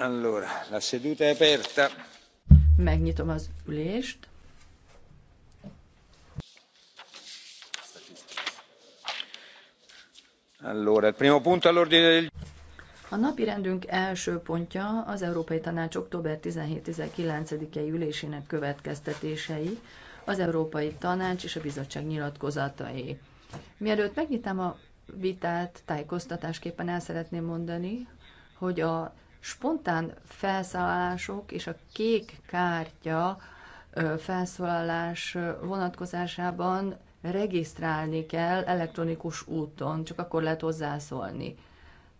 Allora, la seduta è aperta. Megnyitom az ülést. Allora, il primo punto all'ordine del a napi rendünk első pontja az Európai Tanács október 17-19-i ülésének következtetései, az Európai Tanács és a Bizottság nyilatkozatai. Mielőtt megnyitám a vitát, tájékoztatásképpen el szeretném mondani, hogy a spontán felszállások és a kék kártya felszólalás vonatkozásában regisztrálni kell elektronikus úton, csak akkor lehet hozzászólni.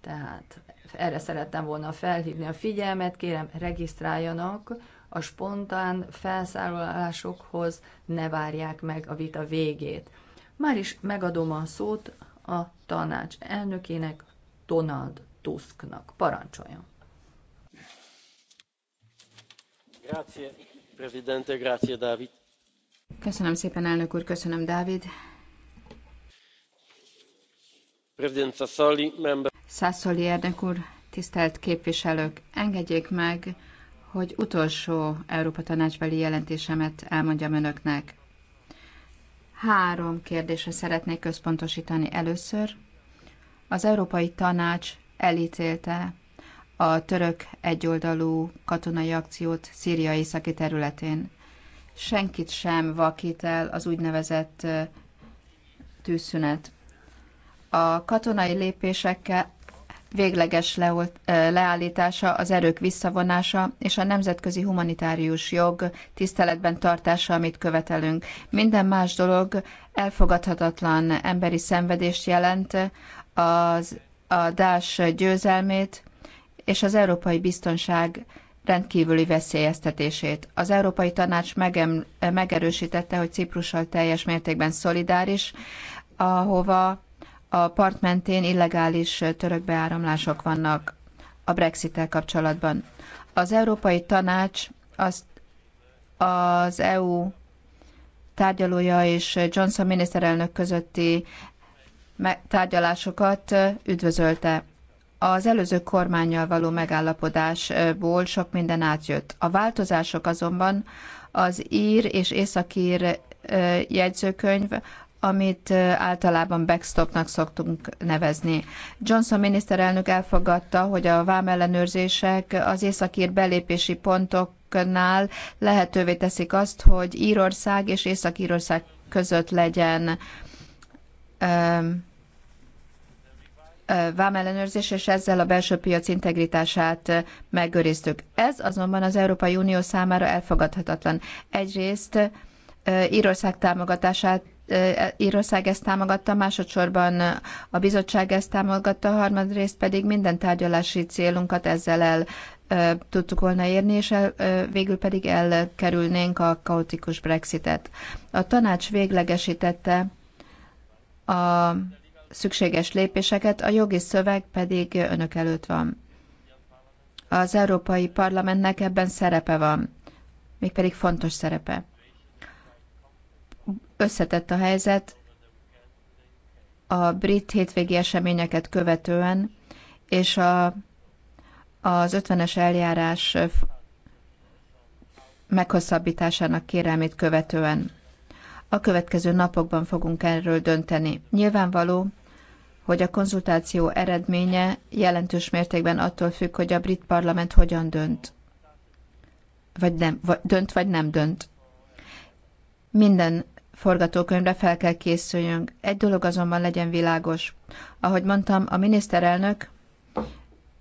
Tehát erre szerettem volna felhívni a figyelmet, kérem regisztráljanak, a spontán felszállásokhoz ne várják meg a vita végét. Már is megadom a szót a tanács elnökének, Donald Tusknak. Parancsoljon! Köszönöm szépen, elnök úr, köszönöm, Dávid. President Sassoli elnök úr, tisztelt képviselők, engedjék meg, hogy utolsó Európa Tanácsbeli jelentésemet elmondjam önöknek. Három kérdésre szeretnék központosítani először. Az Európai Tanács elítélte a török egyoldalú katonai akciót Szíria északi területén. Senkit sem vakít el az úgynevezett tűzszünet. A katonai lépésekkel végleges leolt, leállítása, az erők visszavonása és a nemzetközi humanitárius jog tiszteletben tartása, amit követelünk. Minden más dolog elfogadhatatlan emberi szenvedést jelent, az, a Dás győzelmét, és az európai biztonság rendkívüli veszélyeztetését. Az Európai Tanács megem, megerősítette, hogy Ciprussal teljes mértékben szolidáris, ahova a part mentén illegális török beáramlások vannak a Brexit-tel kapcsolatban. Az Európai Tanács azt az EU tárgyalója és Johnson miniszterelnök közötti tárgyalásokat üdvözölte az előző kormányjal való megállapodásból sok minden átjött. A változások azonban az ír és északír jegyzőkönyv, amit általában backstopnak szoktunk nevezni. Johnson miniszterelnök elfogadta, hogy a vámellenőrzések az északír belépési pontoknál lehetővé teszik azt, hogy Írország és Észak-Írország között legyen um, vámellenőrzés, és ezzel a belső piac integritását megőriztük. Ez azonban az Európai Unió számára elfogadhatatlan. Egyrészt Írország támogatását e, Írország ezt támogatta, másodszorban a bizottság ezt támogatta, harmadrészt pedig minden tárgyalási célunkat ezzel el tudtuk volna érni, és el, végül pedig elkerülnénk a kaotikus Brexitet. A tanács véglegesítette a szükséges lépéseket, a jogi szöveg pedig önök előtt van. Az Európai Parlamentnek ebben szerepe van, mégpedig fontos szerepe. Összetett a helyzet a brit hétvégi eseményeket követően, és a, az 50-es eljárás meghosszabbításának kérelmét követően. A következő napokban fogunk erről dönteni. Nyilvánvaló, hogy a konzultáció eredménye jelentős mértékben attól függ, hogy a brit parlament hogyan dönt. Vagy nem, vagy dönt, vagy nem dönt. Minden forgatókönyvre fel kell készüljünk. Egy dolog azonban legyen világos. Ahogy mondtam, a miniszterelnök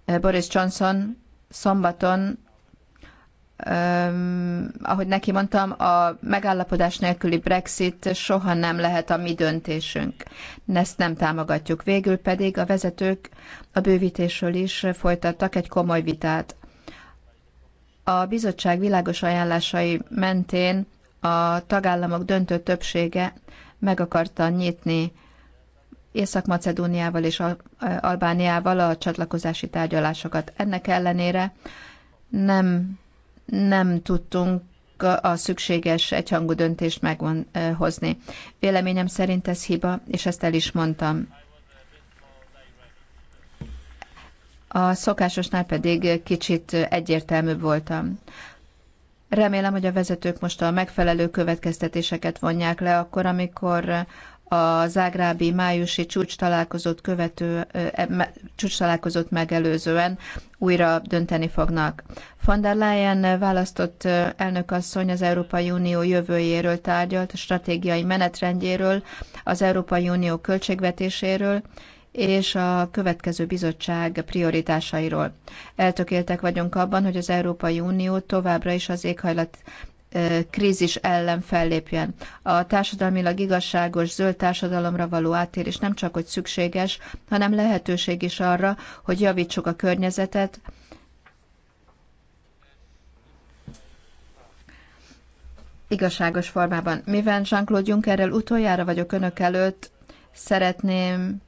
eh, Boris Johnson szombaton ahogy neki mondtam, a megállapodás nélküli Brexit soha nem lehet a mi döntésünk. Ezt nem támogatjuk. Végül pedig a vezetők a bővítésről is folytattak egy komoly vitát. A bizottság világos ajánlásai mentén a tagállamok döntő többsége meg akarta nyitni Észak-Macedóniával és Albániával a csatlakozási tárgyalásokat. Ennek ellenére nem nem tudtunk a szükséges egyhangú döntést meghozni. Véleményem szerint ez hiba, és ezt el is mondtam. A szokásosnál pedig kicsit egyértelműbb voltam. Remélem, hogy a vezetők most a megfelelő következtetéseket vonják le akkor, amikor a zágrábi májusi csúcs találkozót, követő, e, csúcs találkozót megelőzően újra dönteni fognak. Von der Leyen választott elnökasszony az Európai Unió jövőjéről tárgyalt, a stratégiai menetrendjéről, az Európai Unió költségvetéséről, és a következő bizottság prioritásairól. Eltökéltek vagyunk abban, hogy az Európai Unió továbbra is az éghajlat krízis ellen fellépjen. A társadalmilag igazságos zöld társadalomra való áttérés nem csak hogy szükséges, hanem lehetőség is arra, hogy javítsuk a környezetet, igazságos formában. Mivel Jean-Claude Junckerrel utoljára vagyok önök előtt, szeretném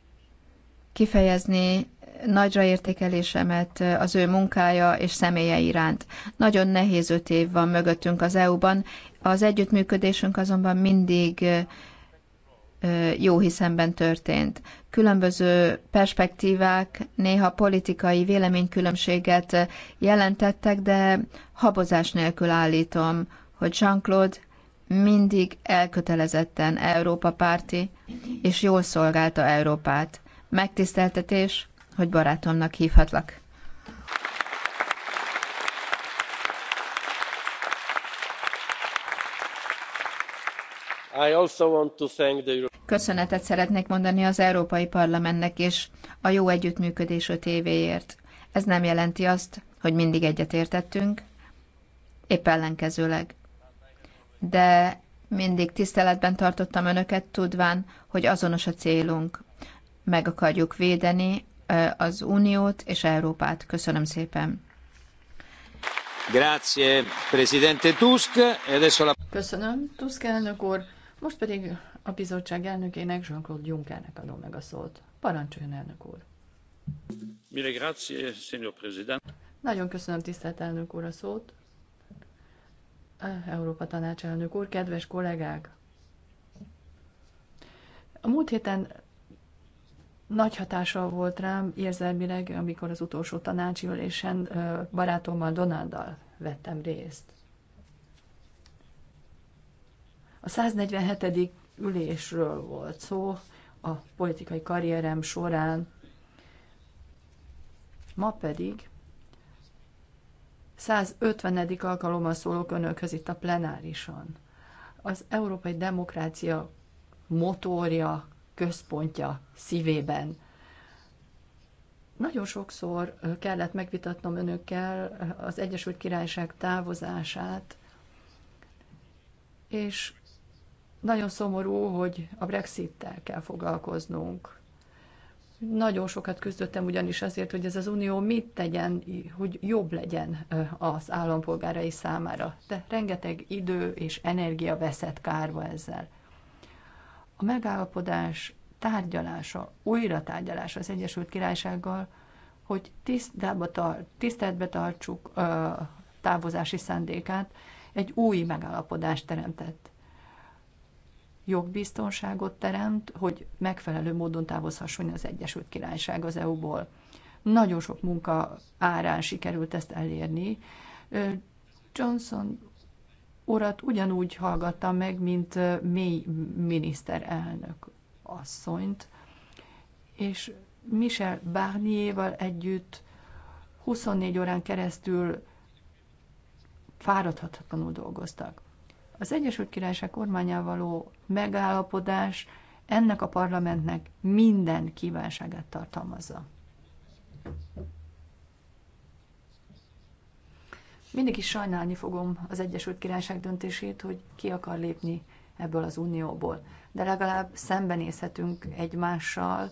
kifejezni nagyra értékelésemet az ő munkája és személye iránt. Nagyon nehéz öt év van mögöttünk az EU-ban, az együttműködésünk azonban mindig jó hiszemben történt. Különböző perspektívák néha politikai véleménykülönbséget jelentettek, de habozás nélkül állítom, hogy Jean-Claude mindig elkötelezetten Európa párti, és jól szolgálta Európát. Megtiszteltetés, hogy barátomnak hívhatlak. Köszönetet szeretnék mondani az Európai Parlamentnek és a jó együttműködés öt évéért. Ez nem jelenti azt, hogy mindig egyetértettünk, épp ellenkezőleg. De mindig tiszteletben tartottam önöket, tudván, hogy azonos a célunk. Meg akarjuk védeni az Uniót és Európát. Köszönöm szépen. Grazie, Presidente Tusk. E köszönöm, Tusk elnök úr. Most pedig a bizottság elnökének, Jean-Claude Junckernek adom meg a szót. Parancsoljon, elnök úr. Mille grazie, signor President. Nagyon köszönöm, tisztelt elnök úr, a szót. Európa Tanács elnök úr, kedves kollégák! A múlt héten nagy hatással volt rám érzelmileg, amikor az utolsó tanácsi ülésen barátommal, Donáldal vettem részt. A 147. ülésről volt szó a politikai karrierem során, ma pedig 150. alkalommal szólok önökhöz itt a plenárison. Az európai demokrácia motorja központja szívében. Nagyon sokszor kellett megvitatnom önökkel az Egyesült Királyság távozását, és nagyon szomorú, hogy a Brexit-tel kell foglalkoznunk. Nagyon sokat küzdöttem ugyanis azért, hogy ez az unió mit tegyen, hogy jobb legyen az állampolgárai számára. De rengeteg idő és energia veszett kárba ezzel. A megállapodás tárgyalása, újra tárgyalása az Egyesült Királysággal, hogy tiszteletbe tartsuk ö, távozási szándékát, egy új megállapodást teremtett. Jogbiztonságot teremt, hogy megfelelő módon távozhasson az Egyesült Királyság az EU-ból. Nagyon sok munka árán sikerült ezt elérni. Johnson urat ugyanúgy hallgatta meg, mint mély miniszterelnök asszonyt, és Michel Barnier-val együtt 24 órán keresztül fáradhatatlanul dolgoztak. Az Egyesült Királyság kormányával való megállapodás ennek a parlamentnek minden kívánságát tartalmazza. Mindig is sajnálni fogom az Egyesült Királyság döntését, hogy ki akar lépni ebből az unióból. De legalább szembenézhetünk egymással,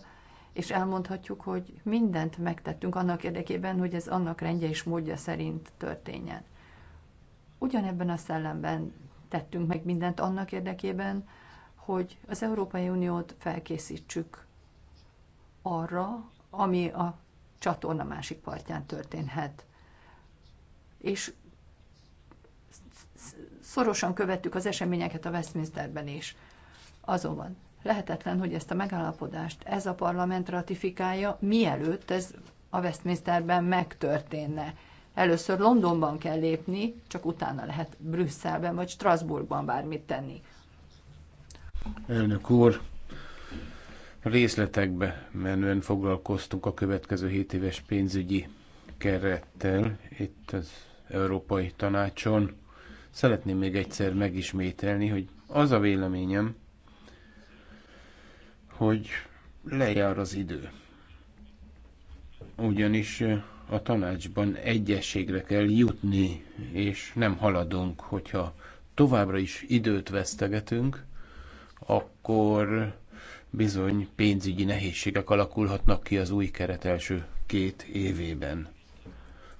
és elmondhatjuk, hogy mindent megtettünk annak érdekében, hogy ez annak rendje és módja szerint történjen. Ugyanebben a szellemben tettünk meg mindent annak érdekében, hogy az Európai Uniót felkészítsük arra, ami a csatorna másik partján történhet és szorosan követtük az eseményeket a Westminsterben is. Azonban lehetetlen, hogy ezt a megállapodást ez a parlament ratifikálja, mielőtt ez a Westminsterben megtörténne. Először Londonban kell lépni, csak utána lehet Brüsszelben vagy Strasbourgban bármit tenni. Elnök úr, részletekbe menően foglalkoztunk a következő 7 éves pénzügyi kerettel. Itt az Európai Tanácson. Szeretném még egyszer megismételni, hogy az a véleményem, hogy lejár az idő. Ugyanis a tanácsban egyességre kell jutni, és nem haladunk, hogyha továbbra is időt vesztegetünk, akkor bizony pénzügyi nehézségek alakulhatnak ki az új keret első két évében.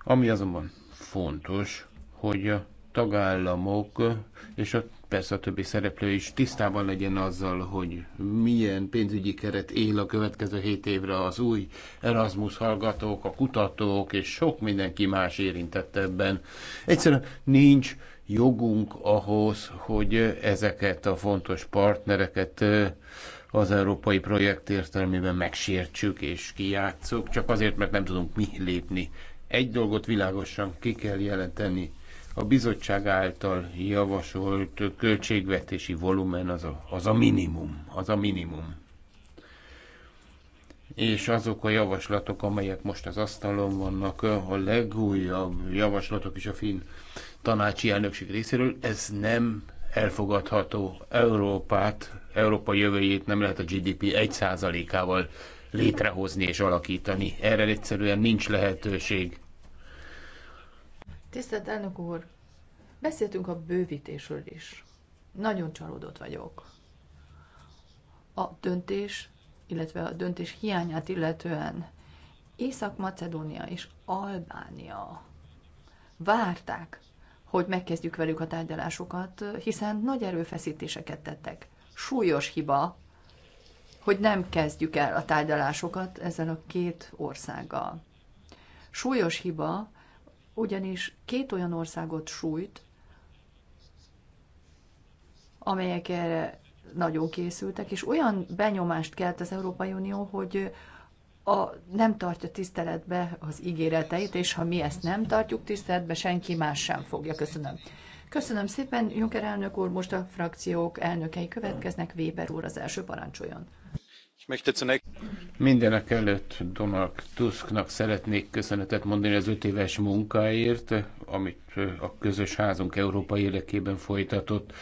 Ami azonban fontos, hogy a tagállamok és a, persze a többi szereplő is tisztában legyen azzal, hogy milyen pénzügyi keret él a következő hét évre az új Erasmus hallgatók, a kutatók és sok mindenki más érintett ebben. Egyszerűen nincs jogunk ahhoz, hogy ezeket a fontos partnereket az európai projekt értelmében megsértsük és kijátszuk, csak azért, mert nem tudunk mi lépni egy dolgot világosan ki kell jelenteni. A bizottság által javasolt költségvetési volumen az a, az a minimum. Az a minimum. És azok a javaslatok, amelyek most az asztalon vannak, a legújabb javaslatok is a finn tanácsi elnökség részéről, ez nem elfogadható Európát, Európa jövőjét nem lehet a GDP 1%-ával létrehozni és alakítani. Erre egyszerűen nincs lehetőség. Tisztelt elnök úr, beszéltünk a bővítésről is. Nagyon csalódott vagyok. A döntés, illetve a döntés hiányát illetően Észak-Macedónia és Albánia várták, hogy megkezdjük velük a tárgyalásokat, hiszen nagy erőfeszítéseket tettek. Súlyos hiba, hogy nem kezdjük el a tárgyalásokat ezzel a két országgal. Súlyos hiba, ugyanis két olyan országot sújt, amelyek erre nagyon készültek, és olyan benyomást kelt az Európai Unió, hogy a, nem tartja tiszteletbe az ígéreteit, és ha mi ezt nem tartjuk tiszteletbe, senki más sem fogja. Köszönöm. Köszönöm szépen, Juncker elnök úr, most a frakciók elnökei következnek, Weber úr az első parancsoljon. Mindenek előtt Donald Tusknak szeretnék köszönetet mondani az öt éves munkáért, amit a közös házunk európai érdekében folytatott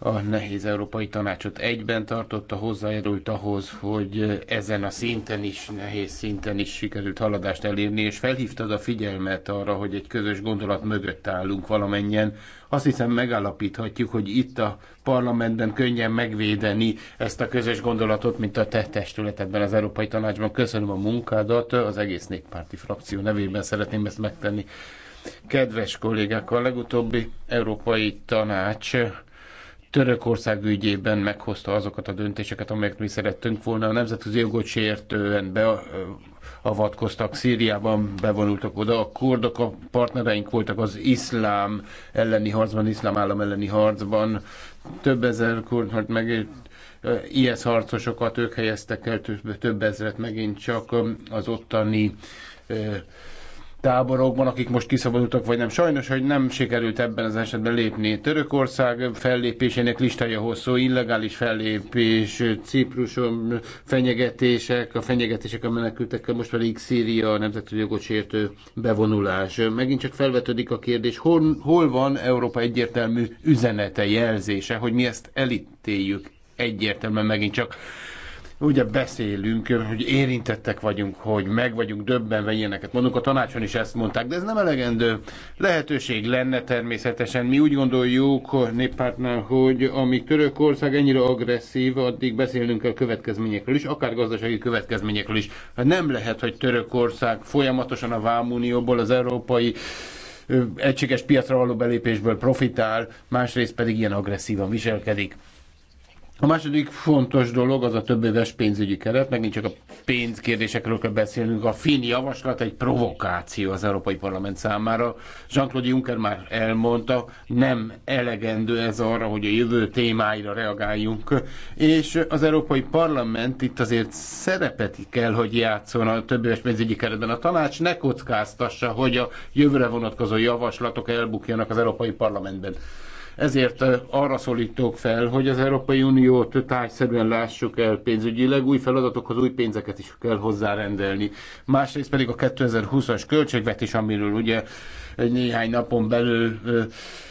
a nehéz európai tanácsot egyben tartotta, hozzájárult ahhoz, hogy ezen a szinten is, nehéz szinten is sikerült haladást elérni, és felhívtad a figyelmet arra, hogy egy közös gondolat mögött állunk valamennyien. Azt hiszem megállapíthatjuk, hogy itt a parlamentben könnyen megvédeni ezt a közös gondolatot, mint a te testületedben az Európai Tanácsban. Köszönöm a munkádat, az egész néppárti frakció nevében szeretném ezt megtenni. Kedves kollégák, a legutóbbi Európai Tanács Törökország ügyében meghozta azokat a döntéseket, amelyeket mi szerettünk volna. A nemzetközi jogot sértően beavatkoztak Szíriában, bevonultak oda. A kurdok a partnereink voltak az iszlám elleni harcban, iszlám állam elleni harcban. Több ezer kurd halt meg, IS harcosokat ők helyeztek el, több, több ezret megint csak az ottani táborokban, akik most kiszabadultak, vagy nem. Sajnos, hogy nem sikerült ebben az esetben lépni. Törökország fellépésének listája hosszú, illegális fellépés, Cipruson fenyegetések, a fenyegetések a menekültekkel, most pedig Szíria a nemzetközi jogot sértő bevonulás. Megint csak felvetődik a kérdés, hol, hol van Európa egyértelmű üzenete, jelzése, hogy mi ezt elítéljük egyértelműen megint csak ugye beszélünk, hogy érintettek vagyunk, hogy meg vagyunk döbbenve ilyeneket mondunk, a tanácson is ezt mondták, de ez nem elegendő. Lehetőség lenne természetesen. Mi úgy gondoljuk néppártnál, hogy amíg Törökország ennyire agresszív, addig beszélnünk a következményekről is, akár gazdasági következményekről is. Nem lehet, hogy Törökország folyamatosan a Vámunióból, az európai egységes piacra való belépésből profitál, másrészt pedig ilyen agresszívan viselkedik. A második fontos dolog az a több éves pénzügyi keret, megint csak a pénzkérdésekről kell beszélnünk. A finn javaslat egy provokáció az Európai Parlament számára. Jean-Claude Juncker már elmondta, nem elegendő ez arra, hogy a jövő témáira reagáljunk. És az Európai Parlament itt azért szerepet kell, hogy játszon a több éves pénzügyi keretben. A tanács ne kockáztassa, hogy a jövőre vonatkozó javaslatok elbukjanak az Európai Parlamentben. Ezért arra szólítok fel, hogy az Európai Uniót tájszerűen lássuk el pénzügyileg, új feladatokhoz új pénzeket is kell hozzárendelni. Másrészt pedig a 2020-as költségvetés, amiről ugye néhány napon belül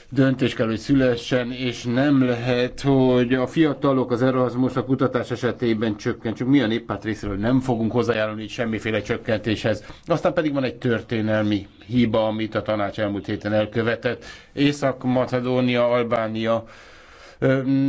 döntés kell, hogy szülessen, és nem lehet, hogy a fiatalok az Erasmus a kutatás esetében csökkentsük. Mi a néppárt részéről nem fogunk hozzájárulni semmiféle csökkentéshez. Aztán pedig van egy történelmi hiba, amit a tanács elmúlt héten elkövetett. Észak-Macedónia, Albánia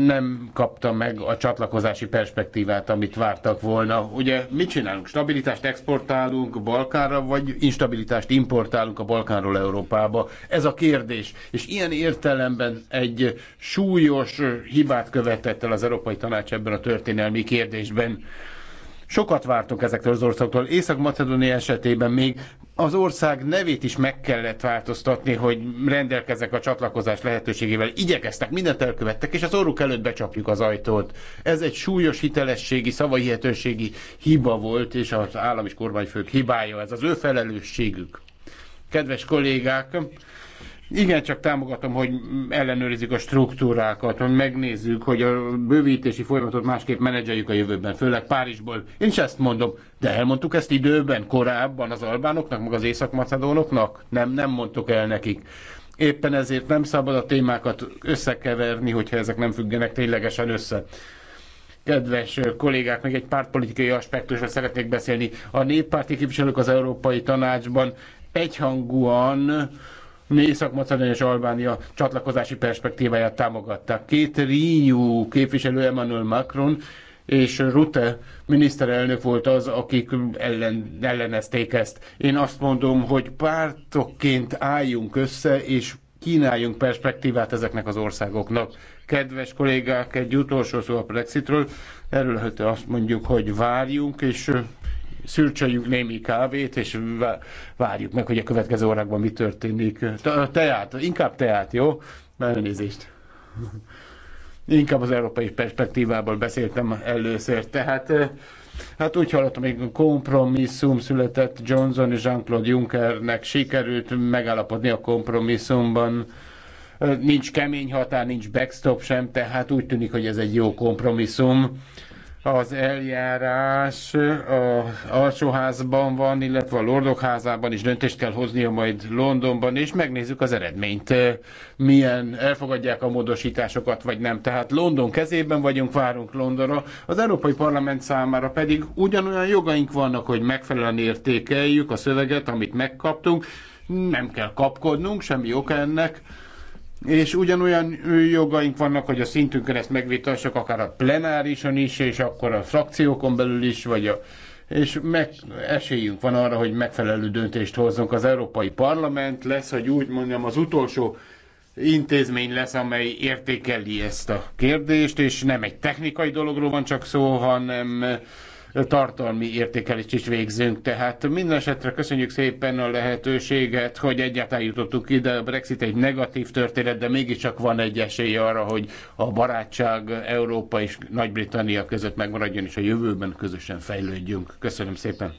nem kapta meg a csatlakozási perspektívát, amit vártak volna. Ugye mit csinálunk? Stabilitást exportálunk Balkánra, vagy instabilitást importálunk a Balkánról Európába? Ez a kérdés. És ilyen értelemben egy súlyos hibát követett el az Európai Tanács ebben a történelmi kérdésben. Sokat vártunk ezektől az országoktól. Észak-Macedónia esetében még az ország nevét is meg kellett változtatni, hogy rendelkezek a csatlakozás lehetőségével. Igyekeztek, mindent elkövettek, és az orruk előtt becsapjuk az ajtót. Ez egy súlyos hitelességi, szavahihetőségi hiba volt, és az állam és kormányfők hibája, ez az ő felelősségük. Kedves kollégák, igen, csak támogatom, hogy ellenőrizzük a struktúrákat, hogy megnézzük, hogy a bővítési folyamatot másképp menedzseljük a jövőben, főleg Párizsból. Én is ezt mondom, de elmondtuk ezt időben, korábban az albánoknak, meg az észak-macedónoknak? Nem, nem mondtuk el nekik. Éppen ezért nem szabad a témákat összekeverni, hogyha ezek nem függenek ténylegesen össze kedves kollégák, még egy pártpolitikai aspektusról szeretnék beszélni. A néppárti képviselők az Európai Tanácsban egyhangúan Észak-Macedónia és Albánia csatlakozási perspektíváját támogatták. Két Renew képviselő Emmanuel Macron és Rutte miniszterelnök volt az, akik ellen, ellenezték ezt. Én azt mondom, hogy pártokként álljunk össze, és kínáljunk perspektívát ezeknek az országoknak. Kedves kollégák, egy utolsó szó a Brexitről. Erről hát azt mondjuk, hogy várjunk, és szürcsöljük némi kávét, és várjuk meg, hogy a következő órákban mi történik. Teát, inkább teát, jó? Elnézést. Inkább az európai perspektívából beszéltem először, tehát Hát úgy hallottam, hogy kompromisszum született Johnson és Jean-Claude Junckernek, sikerült megállapodni a kompromisszumban. Nincs kemény határ, nincs backstop sem, tehát úgy tűnik, hogy ez egy jó kompromisszum az eljárás a alsóházban van, illetve a lordok házában is döntést kell hoznia majd Londonban, és megnézzük az eredményt, milyen elfogadják a módosításokat, vagy nem. Tehát London kezében vagyunk, várunk Londonra. Az Európai Parlament számára pedig ugyanolyan jogaink vannak, hogy megfelelően értékeljük a szöveget, amit megkaptunk, nem kell kapkodnunk, semmi ok ennek és ugyanolyan jogaink vannak, hogy a szintünkön ezt megvitassak, akár a plenárison is, és akkor a frakciókon belül is, vagy a, és meg, esélyünk van arra, hogy megfelelő döntést hozzunk. Az Európai Parlament lesz, hogy úgy mondjam, az utolsó intézmény lesz, amely értékeli ezt a kérdést, és nem egy technikai dologról van csak szó, hanem tartalmi értékelést is végzünk. Tehát minden esetre köszönjük szépen a lehetőséget, hogy egyáltalán jutottuk ide. A Brexit egy negatív történet, de mégiscsak van egy esély arra, hogy a barátság Európa és Nagy-Britannia között megmaradjon, és a jövőben közösen fejlődjünk. Köszönöm szépen.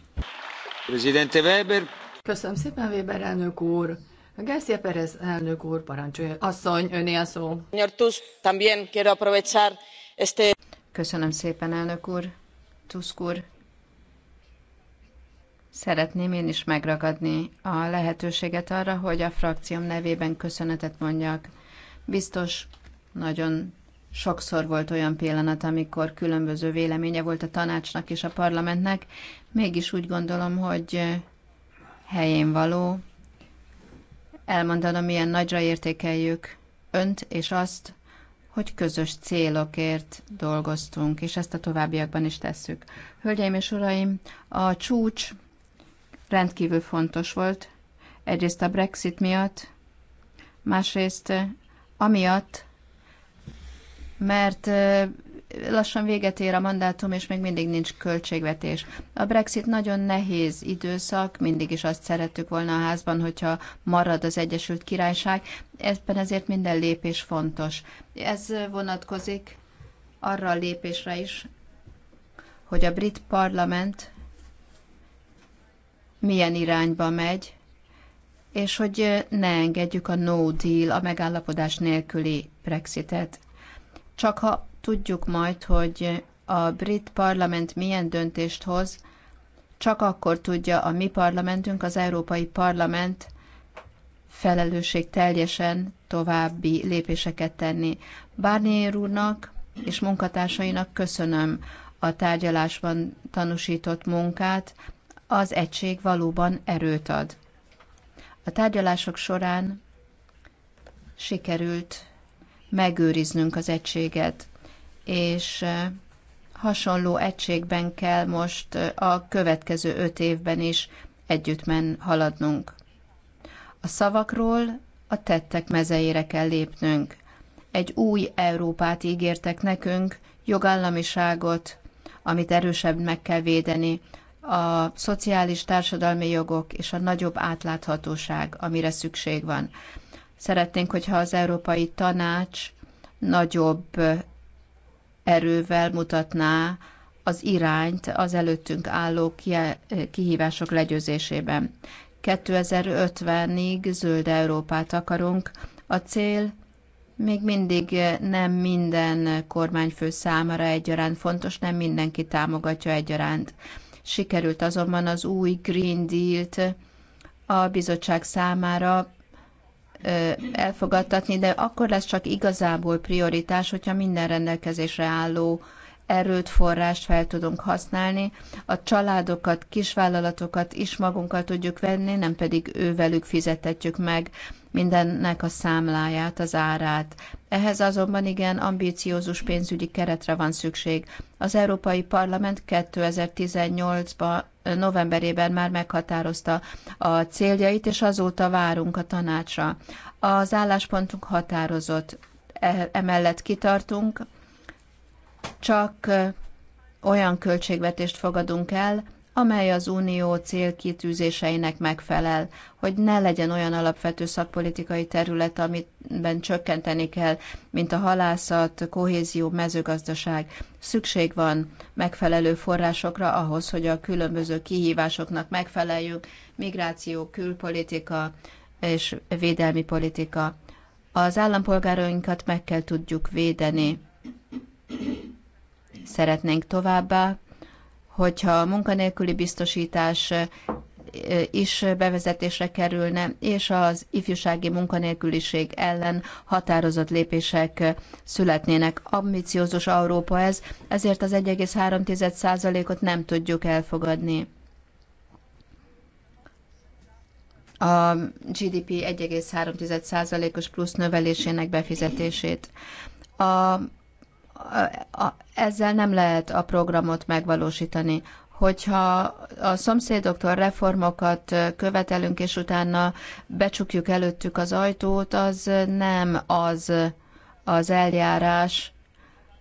Presidente Weber. Köszönöm szépen, Weber elnök úr. Garcia Pérez elnök úr, parancsolja. Asszony, öné a szó. Köszönöm szépen, elnök úr Tusk úr, szeretném én is megragadni a lehetőséget arra, hogy a frakcióm nevében köszönetet mondjak. Biztos nagyon sokszor volt olyan pillanat, amikor különböző véleménye volt a tanácsnak és a parlamentnek, mégis úgy gondolom, hogy helyén való elmondanom, milyen nagyra értékeljük önt és azt, hogy közös célokért dolgoztunk, és ezt a továbbiakban is tesszük. Hölgyeim és uraim, a csúcs rendkívül fontos volt, egyrészt a Brexit miatt, másrészt amiatt, mert lassan véget ér a mandátum, és még mindig nincs költségvetés. A Brexit nagyon nehéz időszak, mindig is azt szerettük volna a házban, hogyha marad az Egyesült Királyság, ebben ezért minden lépés fontos. Ez vonatkozik arra a lépésre is, hogy a brit parlament milyen irányba megy, és hogy ne engedjük a no deal, a megállapodás nélküli Brexitet. Csak ha tudjuk majd, hogy a brit parlament milyen döntést hoz, csak akkor tudja a mi parlamentünk, az Európai Parlament felelősség teljesen további lépéseket tenni. Barnier úrnak és munkatársainak köszönöm a tárgyalásban tanúsított munkát, az egység valóban erőt ad. A tárgyalások során sikerült megőriznünk az egységet és eh, hasonló egységben kell most eh, a következő öt évben is együtt men haladnunk. A szavakról a tettek mezeire kell lépnünk. Egy új Európát ígértek nekünk, jogállamiságot, amit erősebb meg kell védeni, a szociális társadalmi jogok és a nagyobb átláthatóság, amire szükség van. Szeretnénk, hogyha az Európai Tanács nagyobb eh, erővel mutatná az irányt az előttünk álló kihívások legyőzésében. 2050-ig zöld Európát akarunk. A cél még mindig nem minden kormányfő számára egyaránt fontos, nem mindenki támogatja egyaránt. Sikerült azonban az új Green Deal-t a bizottság számára elfogadtatni, de akkor lesz csak igazából prioritás, hogyha minden rendelkezésre álló erőt, forrást fel tudunk használni, a családokat, kisvállalatokat is magunkkal tudjuk venni, nem pedig ővelük fizetetjük meg mindennek a számláját, az árát. Ehhez azonban igen ambíciózus pénzügyi keretre van szükség. Az Európai Parlament 2018-ba novemberében már meghatározta a céljait, és azóta várunk a tanácsra. Az álláspontunk határozott, e, emellett kitartunk, csak olyan költségvetést fogadunk el, amely az unió célkitűzéseinek megfelel, hogy ne legyen olyan alapvető szakpolitikai terület, amiben csökkenteni kell, mint a halászat, kohézió, mezőgazdaság. Szükség van megfelelő forrásokra ahhoz, hogy a különböző kihívásoknak megfeleljünk, migráció, külpolitika és védelmi politika. Az állampolgárainkat meg kell tudjuk védeni. Szeretnénk továbbá, hogyha a munkanélküli biztosítás is bevezetésre kerülne, és az ifjúsági munkanélküliség ellen határozott lépések születnének. Ambiciózus Európa ez, ezért az 1,3%-ot nem tudjuk elfogadni. a GDP 1,3%-os plusz növelésének befizetését. A ezzel nem lehet a programot megvalósítani. Hogyha a szomszédoktól reformokat követelünk, és utána becsukjuk előttük az ajtót, az nem az az eljárás,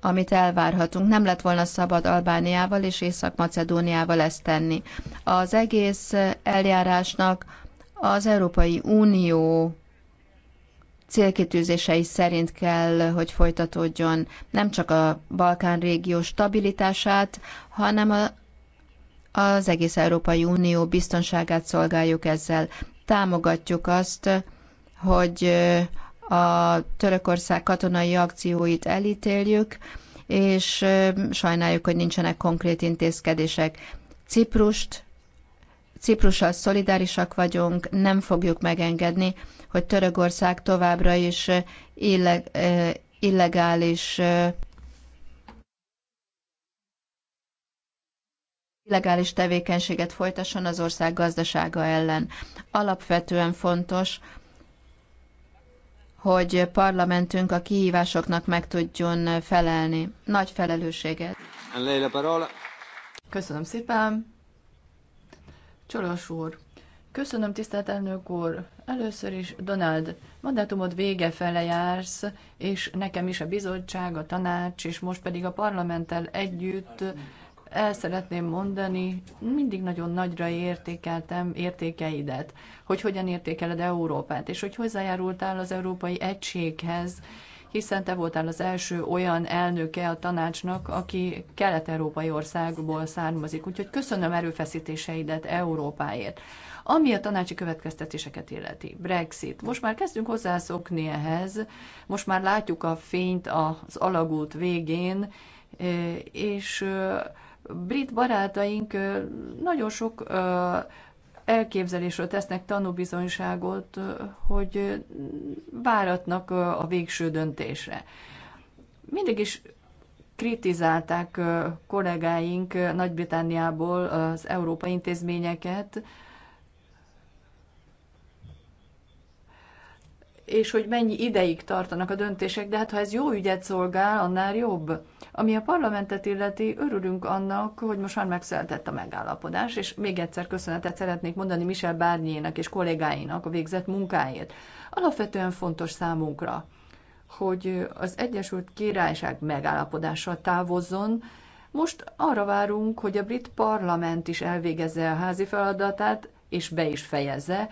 amit elvárhatunk. Nem lett volna szabad Albániával és Észak-Macedóniával ezt tenni. Az egész eljárásnak az Európai Unió célkitűzései szerint kell, hogy folytatódjon nem csak a Balkán régió stabilitását, hanem a, az egész Európai Unió biztonságát szolgáljuk ezzel. Támogatjuk azt, hogy a Törökország katonai akcióit elítéljük, és sajnáljuk, hogy nincsenek konkrét intézkedések. Ciprust, Ciprussal szolidárisak vagyunk, nem fogjuk megengedni, hogy Törökország továbbra is illeg, illegális illegális tevékenységet folytasson az ország gazdasága ellen. Alapvetően fontos, hogy parlamentünk a kihívásoknak meg tudjon felelni. Nagy felelősséget. Köszönöm szépen. Csoros úr, Köszönöm, tisztelt elnök úr! Először is, Donald, mandátumod vége fele jársz, és nekem is a bizottság, a tanács, és most pedig a parlamenttel együtt el szeretném mondani, mindig nagyon nagyra értékeltem értékeidet, hogy hogyan értékeled Európát, és hogy hozzájárultál az európai egységhez, hiszen te voltál az első olyan elnöke a tanácsnak, aki kelet-európai országból származik. Úgyhogy köszönöm erőfeszítéseidet Európáért. Ami a tanácsi következtetéseket illeti, Brexit. Most már kezdünk hozzászokni ehhez, most már látjuk a fényt az alagút végén, és brit barátaink nagyon sok elképzelésről tesznek tanúbizonyságot, hogy váratnak a végső döntésre. Mindig is kritizálták kollégáink Nagy-Britániából az európai intézményeket, és hogy mennyi ideig tartanak a döntések, de hát ha ez jó ügyet szolgál, annál jobb. Ami a parlamentet illeti, örülünk annak, hogy most már megszületett a megállapodás, és még egyszer köszönetet szeretnék mondani Michel Bárnyének nak és kollégáinak a végzett munkáért. Alapvetően fontos számunkra, hogy az Egyesült Királyság megállapodással távozzon, most arra várunk, hogy a brit parlament is elvégezze a házi feladatát, és be is fejezze,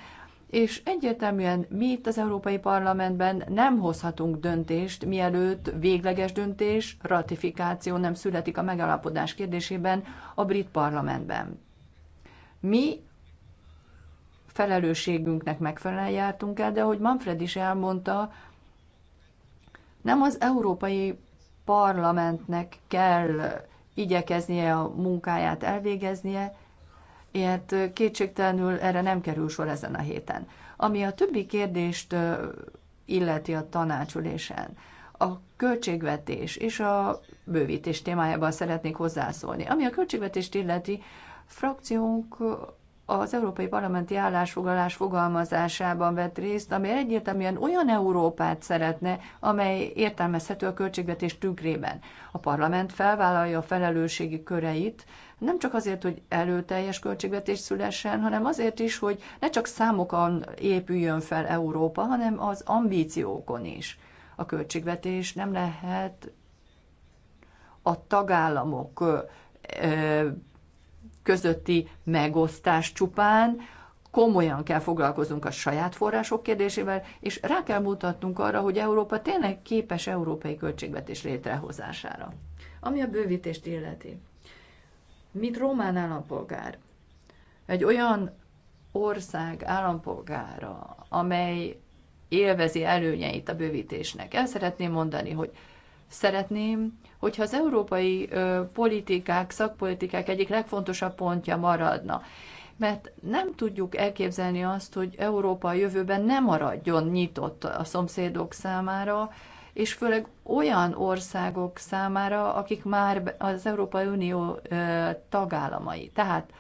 és egyértelműen mi itt az Európai Parlamentben nem hozhatunk döntést, mielőtt végleges döntés, ratifikáció nem születik a megállapodás kérdésében a brit parlamentben. Mi felelősségünknek megfelelően jártunk el, de ahogy Manfred is elmondta, nem az Európai Parlamentnek kell igyekeznie a munkáját elvégeznie, ilyet kétségtelenül erre nem kerül sor ezen a héten. Ami a többi kérdést illeti a tanácsülésen, a költségvetés és a bővítés témájában szeretnék hozzászólni. Ami a költségvetést illeti, frakciónk az Európai Parlamenti állásfoglalás fogalmazásában vett részt, amely egyértelműen olyan Európát szeretne, amely értelmezhető a költségvetés tükrében. A parlament felvállalja a felelősségi köreit, nem csak azért, hogy előteljes költségvetés szülessen, hanem azért is, hogy ne csak számokon épüljön fel Európa, hanem az ambíciókon is. A költségvetés nem lehet a tagállamok közötti megosztás csupán, komolyan kell foglalkozunk a saját források kérdésével, és rá kell mutatnunk arra, hogy Európa tényleg képes európai költségvetés létrehozására. Ami a bővítést illeti mint román állampolgár, egy olyan ország állampolgára, amely élvezi előnyeit a bővítésnek. El szeretném mondani, hogy szeretném, hogyha az európai ö, politikák, szakpolitikák egyik legfontosabb pontja maradna. Mert nem tudjuk elképzelni azt, hogy Európa a jövőben nem maradjon nyitott a szomszédok számára, és főleg olyan országok számára, akik már az Európai Unió tagállamai. Tehát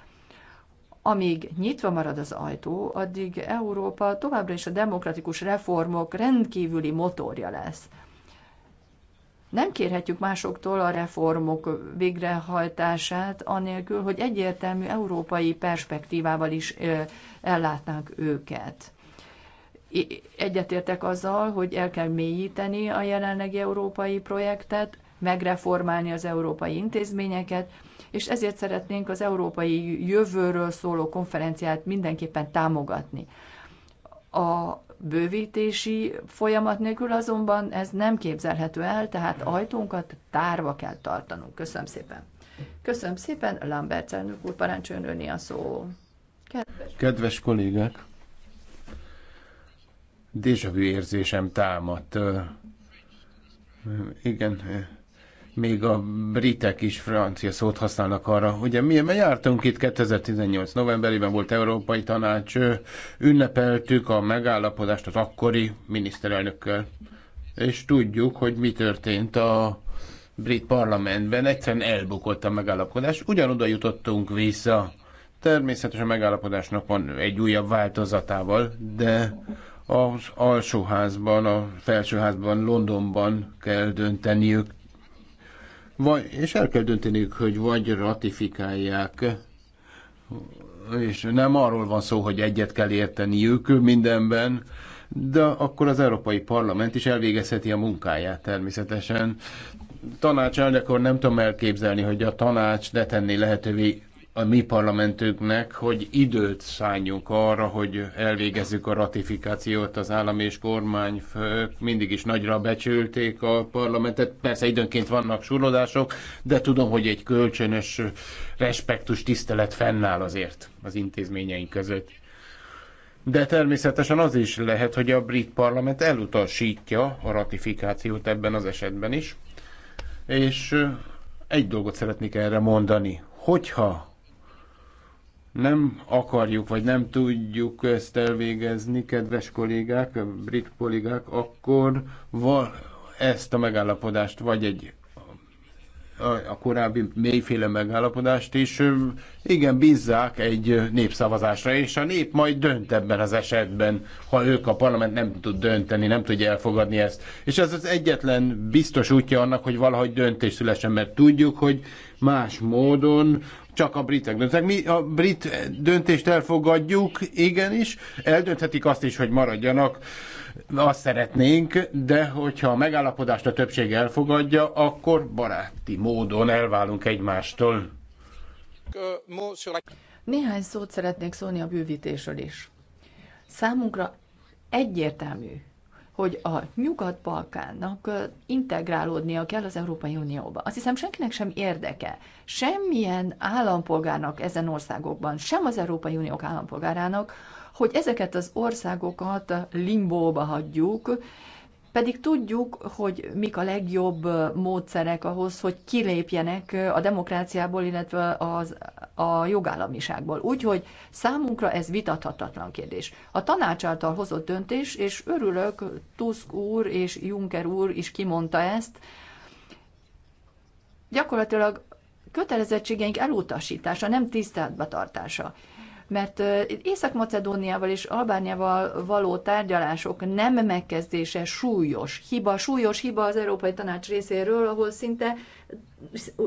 amíg nyitva marad az ajtó, addig Európa továbbra is a demokratikus reformok rendkívüli motorja lesz. Nem kérhetjük másoktól a reformok végrehajtását, anélkül, hogy egyértelmű európai perspektívával is ellátnánk őket egyetértek azzal, hogy el kell mélyíteni a jelenlegi európai projektet, megreformálni az európai intézményeket, és ezért szeretnénk az európai jövőről szóló konferenciát mindenképpen támogatni. A bővítési folyamat nélkül azonban ez nem képzelhető el, tehát ajtónkat tárva kell tartanunk. Köszönöm szépen. Köszönöm szépen, Lambert elnök úr, parancsoljon a szó. Kedves, Kedves kollégák! déjavű érzésem támadt. Igen, még a britek is francia szót használnak arra. Ugye mi, mi jártunk itt 2018 novemberében, volt Európai Tanács, ünnepeltük a megállapodást az akkori miniszterelnökkel, és tudjuk, hogy mi történt a brit parlamentben, egyszerűen elbukott a megállapodás, ugyanoda jutottunk vissza. Természetesen a megállapodásnak van egy újabb változatával, de az alsóházban, a felsőházban, Londonban kell dönteniük, vagy, és el kell dönteniük, hogy vagy ratifikálják, és nem arról van szó, hogy egyet kell érteniük mindenben, de akkor az Európai Parlament is elvégezheti a munkáját természetesen. Tanács akkor nem tudom elképzelni, hogy a tanács ne tenné lehetővé a mi parlamentünknek, hogy időt szálljunk arra, hogy elvégezzük a ratifikációt. Az állam és fők. mindig is nagyra becsülték a parlamentet. Persze időnként vannak surlódások, de tudom, hogy egy kölcsönös respektus, tisztelet fennáll azért az intézményeink között. De természetesen az is lehet, hogy a brit parlament elutasítja a ratifikációt ebben az esetben is. És egy dolgot szeretnék erre mondani. Hogyha nem akarjuk, vagy nem tudjuk ezt elvégezni, kedves kollégák, brit kollégák, akkor van ezt a megállapodást, vagy egy a korábbi mélyféle megállapodást is, igen, bízzák egy népszavazásra, és a nép majd dönt ebben az esetben, ha ők a parlament nem tud dönteni, nem tudja elfogadni ezt. És ez az egyetlen biztos útja annak, hogy valahogy döntés szülessen, mert tudjuk, hogy más módon csak a britek döntenek. Mi a brit döntést elfogadjuk, igenis, eldönthetik azt is, hogy maradjanak, azt szeretnénk, de hogyha a megállapodást a többség elfogadja, akkor baráti módon elválunk egymástól. Néhány szót szeretnék szólni a bővítésről is. Számunkra egyértelmű, hogy a Nyugat-Balkánnak integrálódnia kell az Európai Unióba. Azt hiszem senkinek sem érdeke, semmilyen állampolgárnak ezen országokban, sem az Európai Uniók állampolgárának, hogy ezeket az országokat limbóba hagyjuk, pedig tudjuk, hogy mik a legjobb módszerek ahhoz, hogy kilépjenek a demokráciából, illetve az, a jogállamiságból. Úgyhogy számunkra ez vitathatatlan kérdés. A tanács által hozott döntés, és örülök, Tusk úr és Juncker úr is kimondta ezt, gyakorlatilag kötelezettségeink elutasítása, nem tiszteletbe tartása mert Észak-Macedóniával és Albániával való tárgyalások nem megkezdése súlyos hiba, súlyos hiba az Európai Tanács részéről, ahol szinte,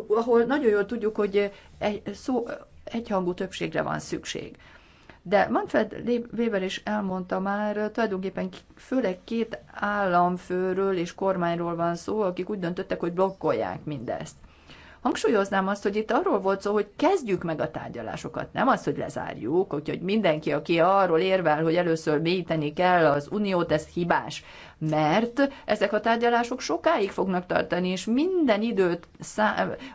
ahol nagyon jól tudjuk, hogy egy, szó, egyhangú többségre van szükség. De Manfred Weber is elmondta már, tulajdonképpen főleg két államfőről és kormányról van szó, akik úgy döntöttek, hogy blokkolják mindezt. Hangsúlyoznám azt, hogy itt arról volt szó, hogy kezdjük meg a tárgyalásokat, nem az, hogy lezárjuk, úgyhogy mindenki, aki arról érvel, hogy először mélyíteni kell az uniót, ez hibás, mert ezek a tárgyalások sokáig fognak tartani, és minden időt,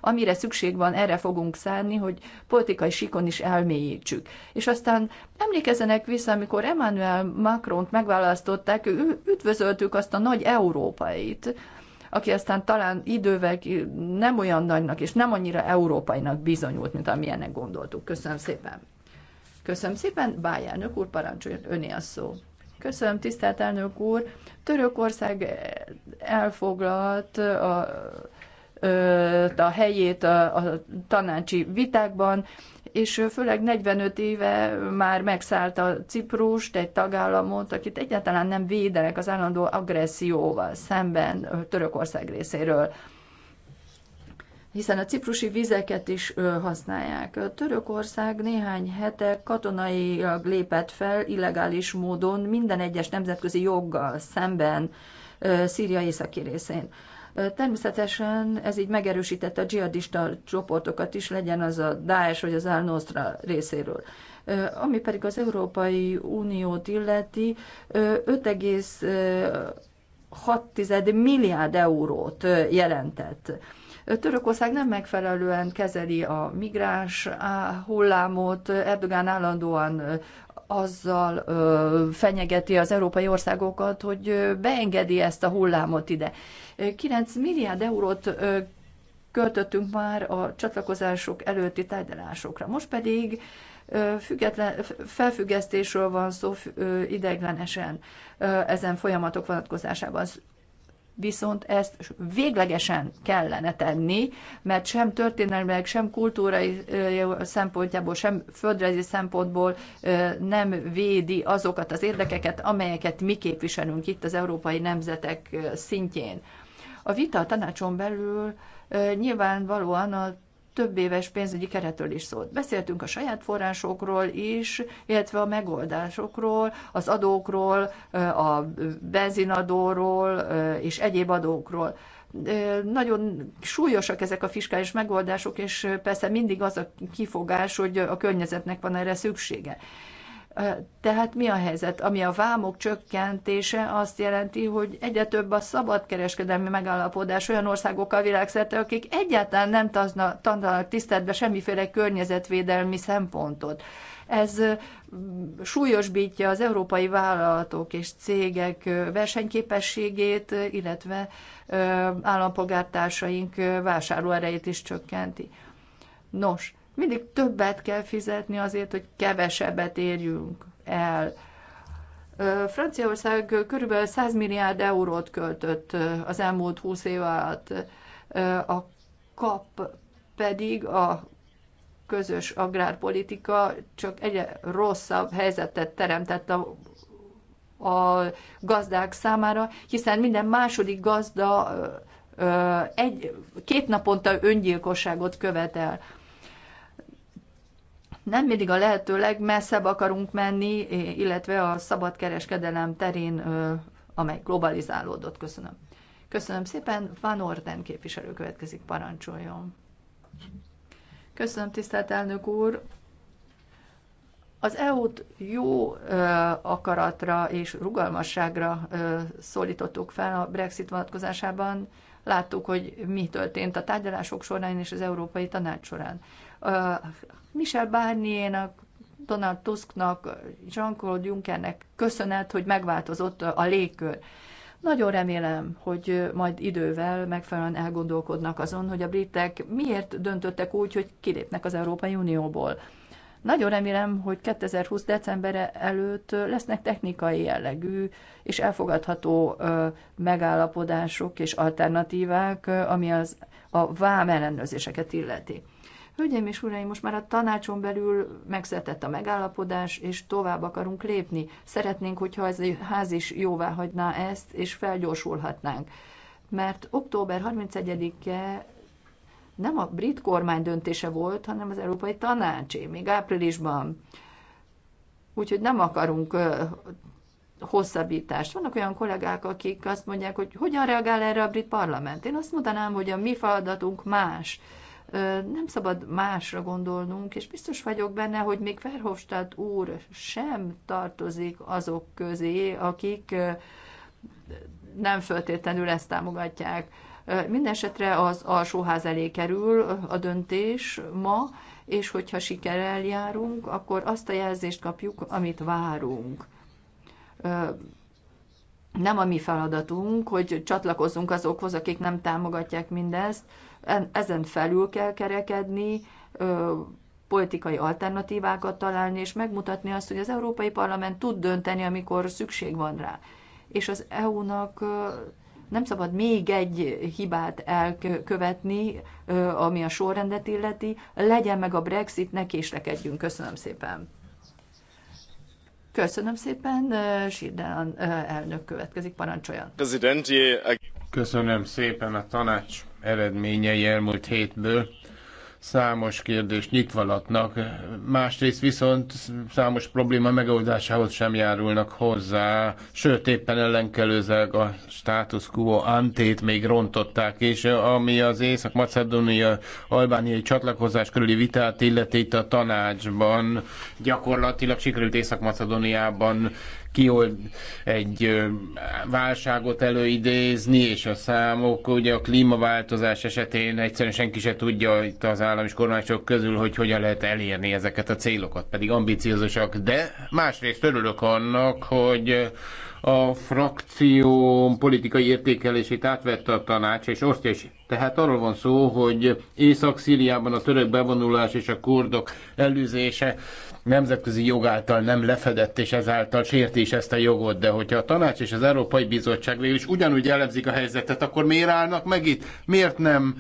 amire szükség van, erre fogunk szánni, hogy politikai sikon is elmélyítsük. És aztán emlékezzenek vissza, amikor Emmanuel Macron-t megválasztották, ő üdvözöltük azt a nagy európait, aki aztán talán idővel nem olyan nagynak és nem annyira európainak bizonyult, mint amilyennek gondoltuk. Köszönöm szépen. Köszönöm szépen, Bájárnök úr, parancsoljon, öné a szó. Köszönöm, tisztelt elnök úr. Törökország elfoglalt a, a helyét a, a tanácsi vitákban, és főleg 45 éve már megszállta Ciprust, egy tagállamot, akit egyáltalán nem védenek az állandó agresszióval szemben Törökország részéről hiszen a ciprusi vizeket is használják. Törökország néhány hete katonai lépett fel illegális módon minden egyes nemzetközi joggal szemben Szíria északi részén. Természetesen ez így megerősítette a dzsihadista csoportokat is, legyen az a Daesh vagy az al nostra részéről. Ami pedig az Európai Uniót illeti, 5,6 milliárd eurót jelentett. Törökország nem megfelelően kezeli a migráns hullámot, Erdogán állandóan azzal fenyegeti az európai országokat, hogy beengedi ezt a hullámot ide. 9 milliárd eurót költöttünk már a csatlakozások előtti tárgyalásokra. Most pedig független, felfüggesztésről van szó ideiglenesen ezen folyamatok vonatkozásában viszont ezt véglegesen kellene tenni, mert sem történelmileg, sem kultúrai szempontjából, sem földrajzi szempontból nem védi azokat az érdekeket, amelyeket mi képviselünk itt az európai nemzetek szintjén. A vita a tanácson belül nyilvánvalóan a több éves pénzügyi keretről is szólt. Beszéltünk a saját forrásokról is, illetve a megoldásokról, az adókról, a benzinadóról és egyéb adókról. Nagyon súlyosak ezek a fiskális megoldások, és persze mindig az a kifogás, hogy a környezetnek van erre szüksége. Tehát mi a helyzet? Ami a vámok csökkentése azt jelenti, hogy egyre több a szabadkereskedelmi megállapodás olyan országokkal világszerte, akik egyáltalán nem tanulnak tiszteletbe semmiféle környezetvédelmi szempontot. Ez súlyosbítja az európai vállalatok és cégek versenyképességét, illetve állampolgártársaink vásárlóerejét is csökkenti. Nos, mindig többet kell fizetni azért, hogy kevesebbet érjünk el. Franciaország körülbelül 100 milliárd eurót költött az elmúlt 20 év alatt, a kap pedig a közös agrárpolitika csak egyre rosszabb helyzetet teremtett a, a gazdák számára, hiszen minden második gazda egy, két naponta öngyilkosságot követel nem mindig a lehető legmesszebb akarunk menni, illetve a szabadkereskedelem terén, amely globalizálódott. Köszönöm. Köszönöm szépen. Van Orden képviselő következik, parancsoljon. Köszönöm, tisztelt elnök úr. Az EU-t jó ö, akaratra és rugalmasságra ö, szólítottuk fel a Brexit vonatkozásában. Láttuk, hogy mi történt a tárgyalások során és az Európai Tanács során. Ö, Michel Barnier-nak, Donald Tusknak, Jean-Claude Junckernek köszönet, hogy megváltozott a légkör. Nagyon remélem, hogy majd idővel megfelelően elgondolkodnak azon, hogy a britek miért döntöttek úgy, hogy kilépnek az Európai Unióból. Nagyon remélem, hogy 2020. decembere előtt lesznek technikai jellegű és elfogadható megállapodások és alternatívák, ami az a vám ellenőrzéseket illeti. Hölgyeim és uraim, most már a tanácson belül megszületett a megállapodás, és tovább akarunk lépni. Szeretnénk, hogyha ez a ház is jóvá hagyná ezt, és felgyorsulhatnánk. Mert október 31-e nem a brit kormány döntése volt, hanem az Európai Tanácsé, még áprilisban. Úgyhogy nem akarunk hosszabbítást. Vannak olyan kollégák, akik azt mondják, hogy hogyan reagál erre a brit parlament. Én azt mondanám, hogy a mi feladatunk más nem szabad másra gondolnunk, és biztos vagyok benne, hogy még Verhofstadt úr sem tartozik azok közé, akik nem föltétlenül ezt támogatják. Mindenesetre az alsóház elé kerül a döntés ma, és hogyha sikerrel járunk, akkor azt a jelzést kapjuk, amit várunk nem a mi feladatunk, hogy csatlakozzunk azokhoz, akik nem támogatják mindezt. Ezen felül kell kerekedni, politikai alternatívákat találni, és megmutatni azt, hogy az Európai Parlament tud dönteni, amikor szükség van rá. És az EU-nak nem szabad még egy hibát elkövetni, ami a sorrendet illeti. Legyen meg a Brexit, ne késlekedjünk. Köszönöm szépen. Köszönöm szépen, Sirdán elnök következik, parancsoljon. Köszönöm szépen a tanács eredményei elmúlt hétből számos kérdést nyitvalatnak, másrészt viszont számos probléma megoldásához sem járulnak hozzá, sőt éppen ellenkelőzeg a status quo antét még rontották, és ami az Észak-Macedónia albániai csatlakozás körüli vitát illeti itt a tanácsban, gyakorlatilag sikerült Észak-Macedóniában kiold egy válságot előidézni, és a számok, ugye a klímaváltozás esetén egyszerűen senki se tudja itt az állam és kormányok közül, hogy hogyan lehet elérni ezeket a célokat, pedig ambiciózusak. De másrészt örülök annak, hogy a frakció politikai értékelését átvette a tanács, és osztja is. Tehát arról van szó, hogy Észak-Szíriában a török bevonulás és a kurdok elűzése nemzetközi jog által nem lefedett, és ezáltal sérti is ezt a jogot, de hogyha a tanács és az Európai Bizottság végül is ugyanúgy elemzik a helyzetet, akkor miért állnak meg itt? Miért nem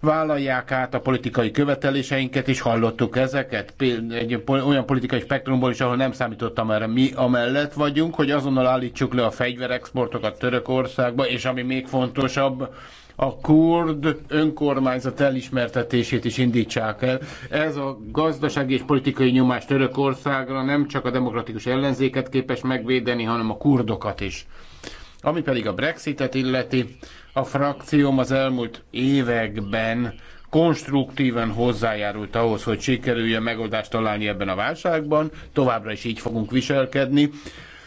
vállalják át a politikai követeléseinket, és hallottuk ezeket, egy olyan politikai spektrumból is, ahol nem számítottam erre. Mi amellett vagyunk, hogy azonnal állítsuk le a fegyverexportokat Törökországba, és ami még fontosabb, a kurd önkormányzat elismertetését is indítsák el. Ez a gazdasági és politikai nyomás Törökországra nem csak a demokratikus ellenzéket képes megvédeni, hanem a kurdokat is. Ami pedig a Brexitet illeti, a frakcióm az elmúlt években konstruktíven hozzájárult ahhoz, hogy sikerüljön megoldást találni ebben a válságban, továbbra is így fogunk viselkedni.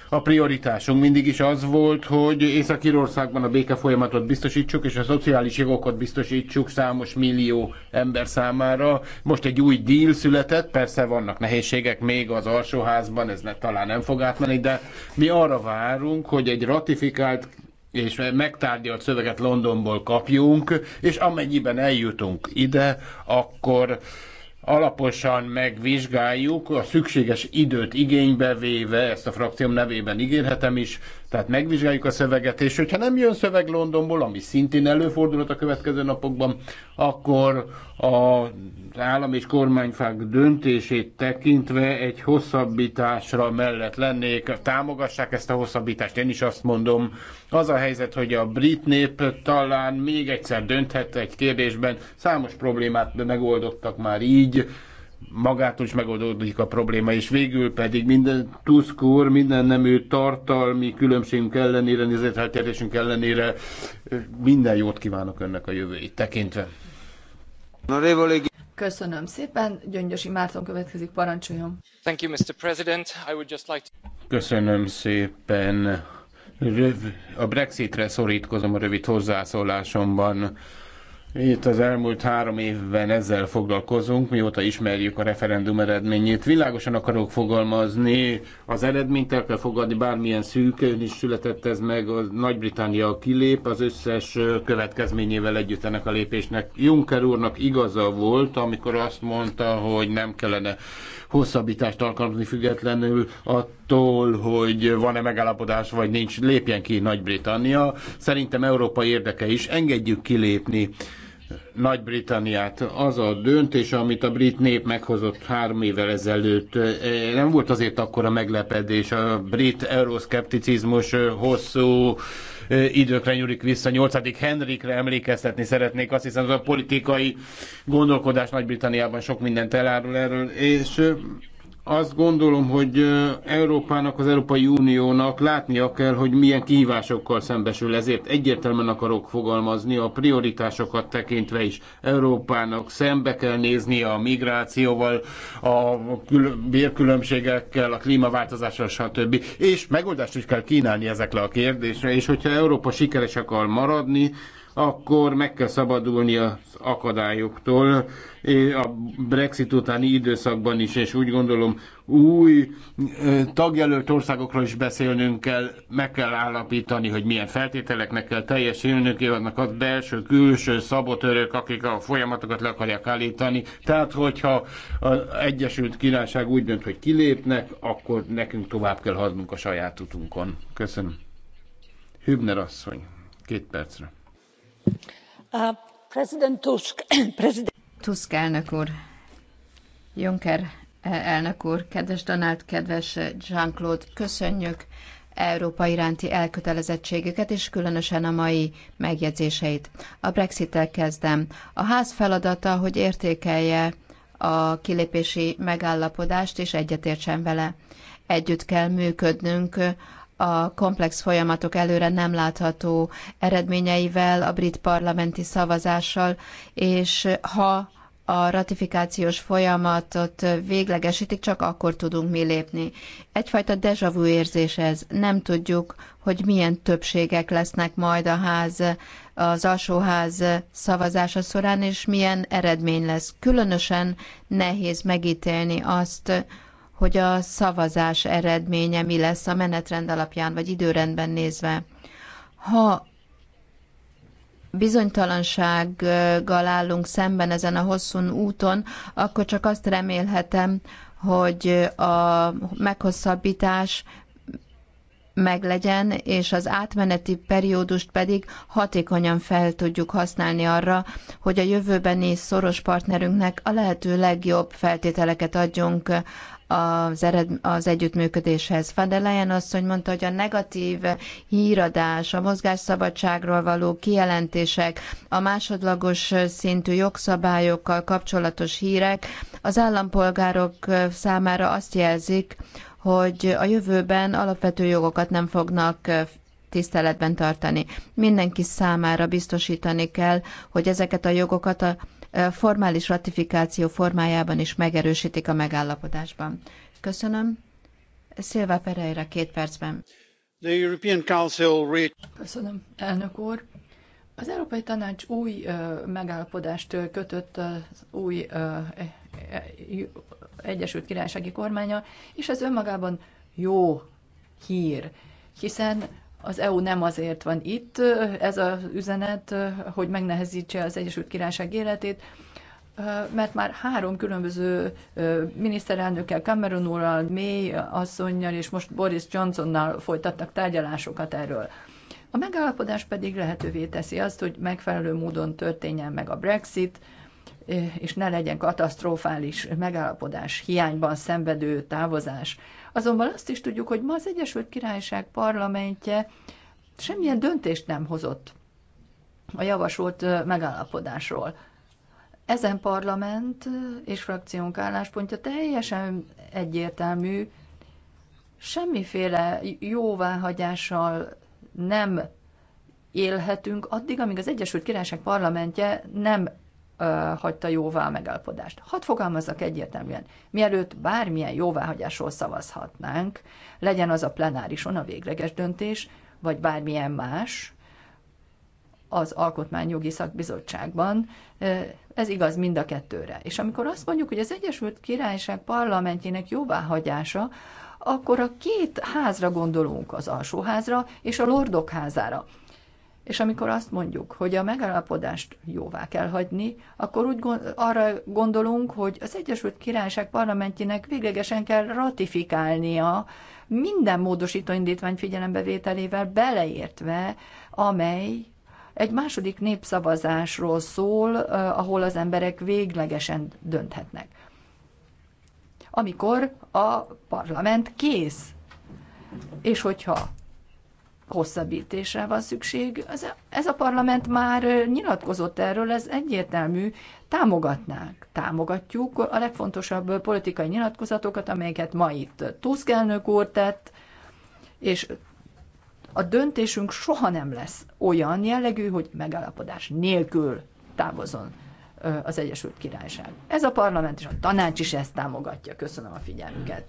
A prioritásunk mindig is az volt, hogy Észak-Írországban a béke folyamatot biztosítsuk, és a szociális jogokat biztosítsuk számos millió ember számára. Most egy új díl született, persze vannak nehézségek még az alsóházban, ez ne, talán nem fog átmenni, de mi arra várunk, hogy egy ratifikált és megtárgyalt szöveget Londonból kapjunk, és amennyiben eljutunk ide, akkor alaposan megvizsgáljuk, a szükséges időt igénybe véve, ezt a frakcióm nevében ígérhetem is, tehát megvizsgáljuk a szöveget, és hogyha nem jön szöveg Londonból, ami szintén előfordulhat a következő napokban, akkor az állam és kormányfák döntését tekintve egy hosszabbításra mellett lennék. Támogassák ezt a hosszabbítást, én is azt mondom. Az a helyzet, hogy a brit nép talán még egyszer dönthet egy kérdésben. Számos problémát megoldottak már így, magától is megoldódik a probléma, és végül pedig minden Tusk úr, minden nemű tartalmi különbségünk ellenére, nézeteltérésünk ellenére minden jót kívánok önnek a jövőjét tekintve. Köszönöm szépen, Gyöngyösi Márton következik, parancsoljon. Thank you, Mr. President. I would just like to... Köszönöm szépen. Röv... A Brexitre szorítkozom a rövid hozzászólásomban itt az elmúlt három évben ezzel foglalkozunk, mióta ismerjük a referendum eredményét. Világosan akarok fogalmazni, az eredményt el kell fogadni, bármilyen szűkön is született ez meg, a Nagy-Britannia kilép az összes következményével együtt ennek a lépésnek. Juncker úrnak igaza volt, amikor azt mondta, hogy nem kellene hosszabbítást alkalmazni függetlenül attól, hogy van-e megállapodás, vagy nincs, lépjen ki Nagy-Britannia. Szerintem európai érdeke is, engedjük kilépni nagy-Britanniát. Az a döntés, amit a brit nép meghozott három évvel ezelőtt, eh, nem volt azért akkor a meglepedés. A brit euroszkepticizmus eh, hosszú eh, időkre nyúlik vissza. 8. Henrikre emlékeztetni szeretnék. Azt hiszem, az a politikai gondolkodás Nagy-Britanniában sok mindent elárul erről, és azt gondolom, hogy Európának, az Európai Uniónak látnia kell, hogy milyen kihívásokkal szembesül. Ezért egyértelműen akarok fogalmazni a prioritásokat tekintve is. Európának szembe kell nézni a migrációval, a bérkülönbségekkel, a klímaváltozással, stb. És megoldást is kell kínálni ezekre a kérdésre, és hogyha Európa sikeres akar maradni, akkor meg kell szabadulni az akadályoktól a Brexit utáni időszakban is, és úgy gondolom új tagjelölt országokról is beszélnünk kell, meg kell állapítani, hogy milyen feltételeknek kell teljesülnünk, vannak a belső, külső szabotörök, akik a folyamatokat le akarják állítani. Tehát, hogyha az Egyesült Királyság úgy dönt, hogy kilépnek, akkor nekünk tovább kell haznunk a saját utunkon. Köszönöm. Hübner asszony, két percre. Tusk, Tusk elnök úr, Juncker eh, elnök úr, kedves Donald, kedves eh, Jean-Claude, köszönjük Európa iránti elkötelezettségüket, és különösen a mai megjegyzéseit. A Brexit-tel kezdem. A ház feladata, hogy értékelje a kilépési megállapodást, és egyetértsen vele. Együtt kell működnünk a komplex folyamatok előre nem látható eredményeivel, a brit parlamenti szavazással, és ha a ratifikációs folyamatot véglegesítik, csak akkor tudunk mi lépni. Egyfajta vu érzés ez. Nem tudjuk, hogy milyen többségek lesznek majd a ház, az alsóház szavazása során, és milyen eredmény lesz. Különösen nehéz megítélni azt, hogy a szavazás eredménye mi lesz a menetrend alapján, vagy időrendben nézve. Ha bizonytalansággal állunk szemben ezen a hosszú úton, akkor csak azt remélhetem, hogy a meghosszabbítás meglegyen, és az átmeneti periódust pedig hatékonyan fel tudjuk használni arra, hogy a jövőbeni szoros partnerünknek a lehető legjobb feltételeket adjunk az, ered, az együttműködéshez. Van der Leyen asszony mondta, hogy a negatív híradás, a mozgásszabadságról való kijelentések, a másodlagos szintű jogszabályokkal kapcsolatos hírek az állampolgárok számára azt jelzik, hogy a jövőben alapvető jogokat nem fognak tiszteletben tartani. Mindenki számára biztosítani kell, hogy ezeket a jogokat a formális ratifikáció formájában is megerősítik a megállapodásban. Köszönöm. Szilva Pereira két percben. The European Council... Köszönöm, elnök úr. Az Európai Tanács új uh, megállapodást kötött az új uh, Egyesült Királysági kormánya, és ez önmagában jó hír, hiszen az EU nem azért van itt, ez az üzenet, hogy megnehezítse az Egyesült Királyság életét, mert már három különböző miniszterelnökkel, Cameron úrral, May asszonynal és most Boris Johnsonnal folytattak tárgyalásokat erről. A megállapodás pedig lehetővé teszi azt, hogy megfelelő módon történjen meg a Brexit, és ne legyen katasztrofális megállapodás, hiányban szenvedő távozás. Azonban azt is tudjuk, hogy ma az Egyesült Királyság parlamentje semmilyen döntést nem hozott a javasolt megállapodásról. Ezen parlament és frakciónk álláspontja teljesen egyértelmű, semmiféle jóváhagyással nem élhetünk addig, amíg az Egyesült Királyság parlamentje nem hagyta jóvá a megállapodást. Hadd fogalmazzak egyértelműen, mielőtt bármilyen jóváhagyásról szavazhatnánk, legyen az a plenárison a végleges döntés, vagy bármilyen más, az Alkotmányjogi Szakbizottságban. Ez igaz mind a kettőre. És amikor azt mondjuk, hogy az Egyesült Királyság parlamentjének jóváhagyása, akkor a két házra gondolunk, az alsóházra és a lordok házára. És amikor azt mondjuk, hogy a megállapodást jóvá kell hagyni, akkor úgy gond, arra gondolunk, hogy az Egyesült Királyság parlamentjének véglegesen kell ratifikálnia minden módosító indítvány figyelembevételével beleértve, amely egy második népszavazásról szól, ahol az emberek véglegesen dönthetnek. Amikor a parlament kész. És hogyha hosszabbítésre van szükség. Ez, ez a parlament már nyilatkozott erről, ez egyértelmű, támogatnák, Támogatjuk a legfontosabb politikai nyilatkozatokat, amelyeket ma itt Tusk elnök úr tett, és a döntésünk soha nem lesz olyan jellegű, hogy megállapodás nélkül távozon az Egyesült Királyság. Ez a parlament és a tanács is ezt támogatja. Köszönöm a figyelmüket.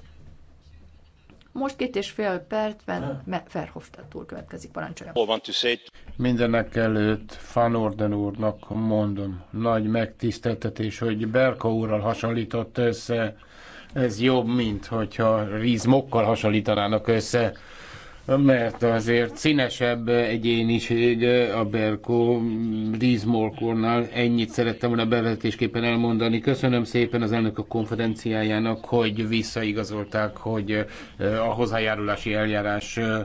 Most két és fél percben Ferhofstadt úr következik, parancsolja. Mindenek előtt Van Orden úrnak mondom, nagy megtiszteltetés, hogy Berka úrral hasonlított össze. Ez jobb, mint hogyha rizmokkal hasonlítanának össze mert azért színesebb egyéniség a Berko Rizmolkornál. Ennyit szerettem volna bevezetésképpen elmondani. Köszönöm szépen az elnök a konferenciájának, hogy visszaigazolták, hogy eh, a hozzájárulási eljárás eh,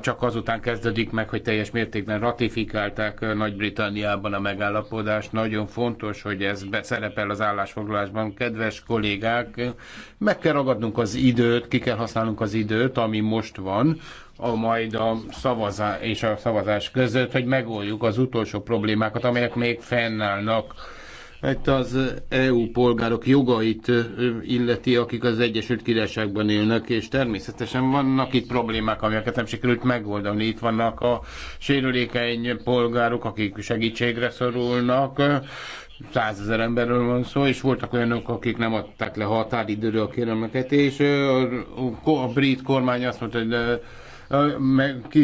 csak azután kezdődik meg, hogy teljes mértékben ratifikálták eh, Nagy-Britanniában a megállapodást. Nagyon fontos, hogy ez szerepel az állásfoglalásban. Kedves kollégák, meg kell ragadnunk az időt, ki kell használnunk az időt, ami most van, a majd a szavazás és a szavazás között, hogy megoldjuk az utolsó problémákat, amelyek még fennállnak. Itt az EU polgárok jogait illeti, akik az Egyesült Királyságban élnek, és természetesen vannak itt problémák, amelyeket nem sikerült megoldani. Itt vannak a sérülékeny polgárok, akik segítségre szorulnak, százezer emberről van szó, és voltak olyanok, akik nem adták le határidőről a kérelmeket, és a brit kormány azt mondta, hogy meg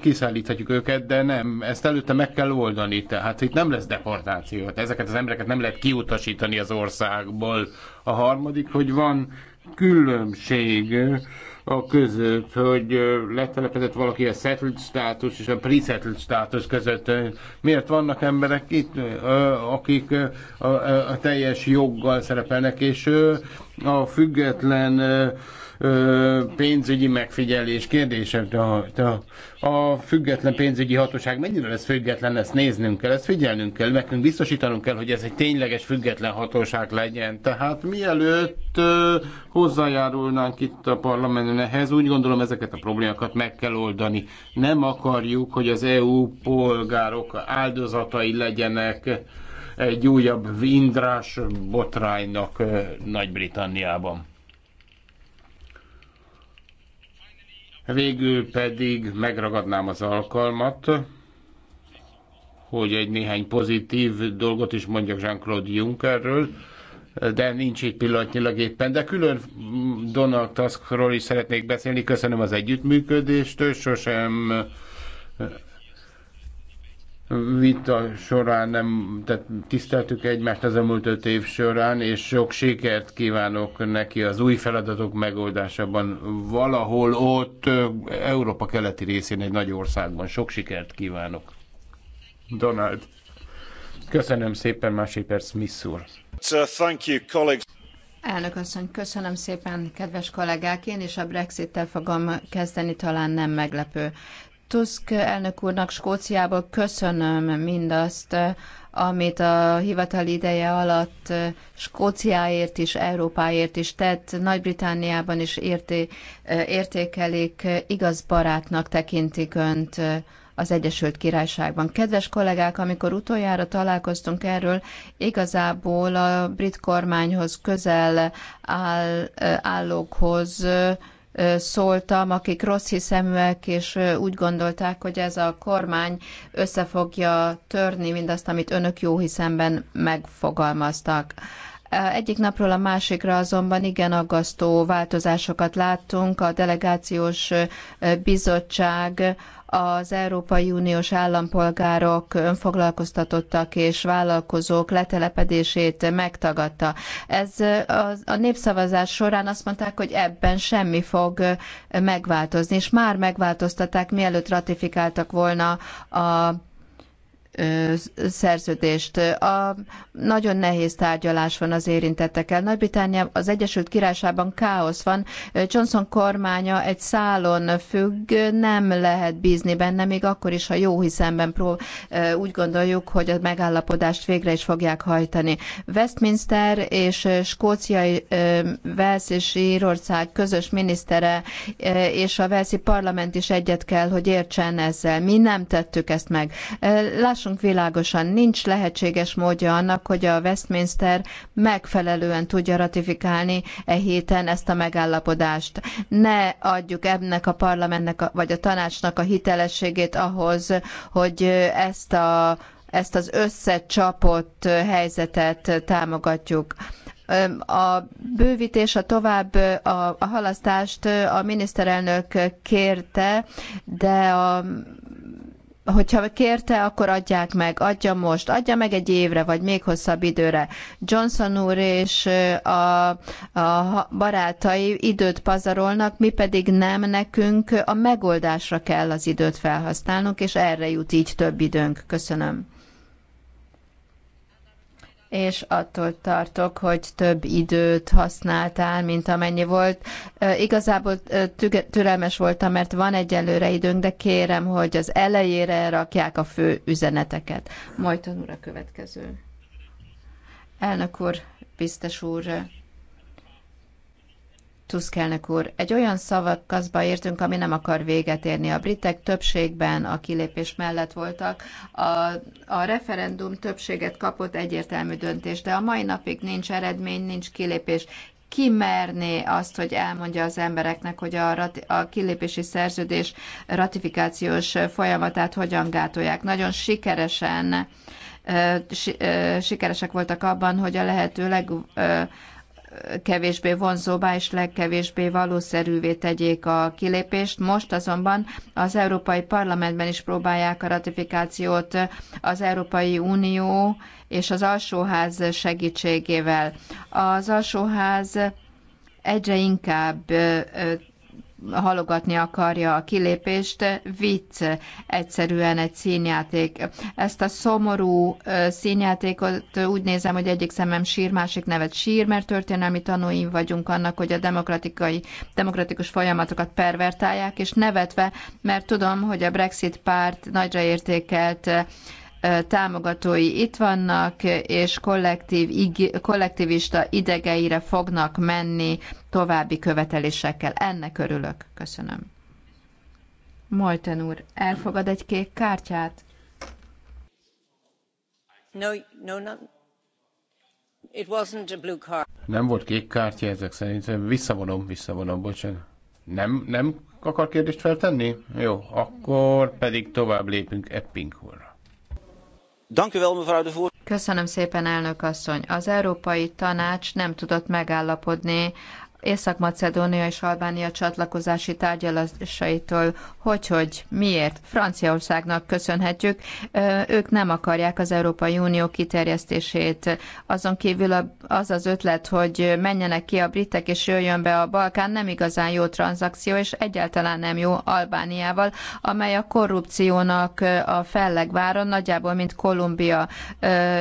kiszállíthatjuk őket, de nem, ezt előtte meg kell oldani, tehát itt nem lesz deportáció, ezeket az embereket nem lehet kiutasítani az országból. A harmadik, hogy van különbség a között, hogy letelepedett valaki a settled status és a pre-settled státus között. Miért vannak emberek itt, akik a teljes joggal szerepelnek, és a független pénzügyi megfigyelés kérdése, a, a, a független pénzügyi hatóság mennyire lesz független, ezt néznünk kell, ezt figyelnünk kell, nekünk biztosítanunk kell, hogy ez egy tényleges független hatóság legyen. Tehát mielőtt ö, hozzájárulnánk itt a parlamenten ehhez, úgy gondolom ezeket a problémákat meg kell oldani. Nem akarjuk, hogy az EU polgárok áldozatai legyenek egy újabb vindrás botránynak Nagy-Britanniában. Végül pedig megragadnám az alkalmat, hogy egy néhány pozitív dolgot is mondjak Jean-Claude Junckerről, de nincs itt pillanatnyilag éppen. De külön Donald Tuskról is szeretnék beszélni. Köszönöm az együttműködést, sosem vita során nem, tehát tiszteltük egymást az elmúlt öt év során, és sok sikert kívánok neki az új feladatok megoldásában. Valahol ott, Európa keleti részén, egy nagy országban. Sok sikert kívánok. Donald. Köszönöm szépen, perc, Miss úr. So, thank you, colleagues. Elnök asszony, köszönöm szépen, kedves kollégák. Én is a Brexit-tel fogom kezdeni, talán nem meglepő. Tusk elnök úrnak Skóciából köszönöm mindazt, amit a hivatali ideje alatt Skóciáért is, Európáért is tett, Nagy-Britániában is érté, értékelik, igaz barátnak tekintik önt az Egyesült Királyságban. Kedves kollégák, amikor utoljára találkoztunk erről, igazából a brit kormányhoz közel áll, állókhoz, szóltam, akik rossz hiszeműek, és úgy gondolták, hogy ez a kormány össze fogja törni mindazt, amit önök jó hiszemben megfogalmaztak. Egyik napról a másikra azonban igen aggasztó változásokat láttunk. A delegációs bizottság az Európai Uniós állampolgárok, önfoglalkoztatottak és vállalkozók letelepedését megtagadta. Ez a népszavazás során azt mondták, hogy ebben semmi fog megváltozni, és már megváltoztatták, mielőtt ratifikáltak volna a szerződést. A nagyon nehéz tárgyalás van az érintettekkel. Nagy-Britannia, az Egyesült Királyságban káosz van. Johnson kormánya egy szálon függ, nem lehet bízni benne, még akkor is, ha jó hiszemben prób- úgy gondoljuk, hogy a megállapodást végre is fogják hajtani. Westminster és skóciai Velsz és Írország közös minisztere és a Velszi parlament is egyet kell, hogy értsen ezzel. Mi nem tettük ezt meg. Lássunk lássunk világosan, nincs lehetséges módja annak, hogy a Westminster megfelelően tudja ratifikálni e héten ezt a megállapodást. Ne adjuk ennek a parlamentnek vagy a tanácsnak a hitelességét ahhoz, hogy ezt a ezt az összecsapott helyzetet támogatjuk a bővítés, a tovább a, a halasztást a miniszterelnök kérte, de a hogyha kérte, akkor adják meg, adja most, adja meg egy évre, vagy még hosszabb időre. Johnson úr és a, a barátai időt pazarolnak, mi pedig nem, nekünk a megoldásra kell az időt felhasználnunk, és erre jut így több időnk. Köszönöm és attól tartok, hogy több időt használtál, mint amennyi volt. Igazából türelmes voltam, mert van egyelőre időnk, de kérem, hogy az elejére rakják a fő üzeneteket. Majd a következő. Elnök úr, biztos úr, Tusk elnök úr, egy olyan szavakaszba értünk, ami nem akar véget érni. A britek többségben a kilépés mellett voltak. A, a referendum többséget kapott egyértelmű döntés, de a mai napig nincs eredmény, nincs kilépés ki merné azt, hogy elmondja az embereknek, hogy a, a kilépési szerződés ratifikációs folyamatát hogyan gátolják. Nagyon sikeresen sikeresek voltak abban, hogy a lehető leg legkevésbé vonzóbbá és legkevésbé valószerűvé tegyék a kilépést. Most azonban az Európai Parlamentben is próbálják a ratifikációt az Európai Unió és az Alsóház segítségével. Az Alsóház egyre inkább halogatni akarja a kilépést, vicc, egyszerűen egy színjáték. Ezt a szomorú színjátékot úgy nézem, hogy egyik szemem sír, másik nevet sír, mert történelmi tanúim vagyunk annak, hogy a demokratikai, demokratikus folyamatokat pervertálják, és nevetve, mert tudom, hogy a Brexit párt nagyra értékelt támogatói itt vannak, és kollektív, kollektivista idegeire fognak menni további követelésekkel. Ennek örülök. Köszönöm. Molten úr, elfogad egy kék kártyát? No, no, no. It wasn't a blue card. Nem volt kék kártya ezek szerint. Visszavonom, visszavonom, bocsánat. Nem, nem akar kérdést feltenni? Jó, akkor pedig tovább lépünk Epping úrra. Köszönöm szépen, elnök asszony. Az Európai Tanács nem tudott megállapodni Észak-Macedónia és Albánia csatlakozási tárgyalásaitól, hogy, hogy miért Franciaországnak köszönhetjük, ők nem akarják az Európai Unió kiterjesztését. Azon kívül az az ötlet, hogy menjenek ki a britek és jöjjön be a Balkán, nem igazán jó tranzakció, és egyáltalán nem jó Albániával, amely a korrupciónak a fellegváron, nagyjából mint Kolumbia,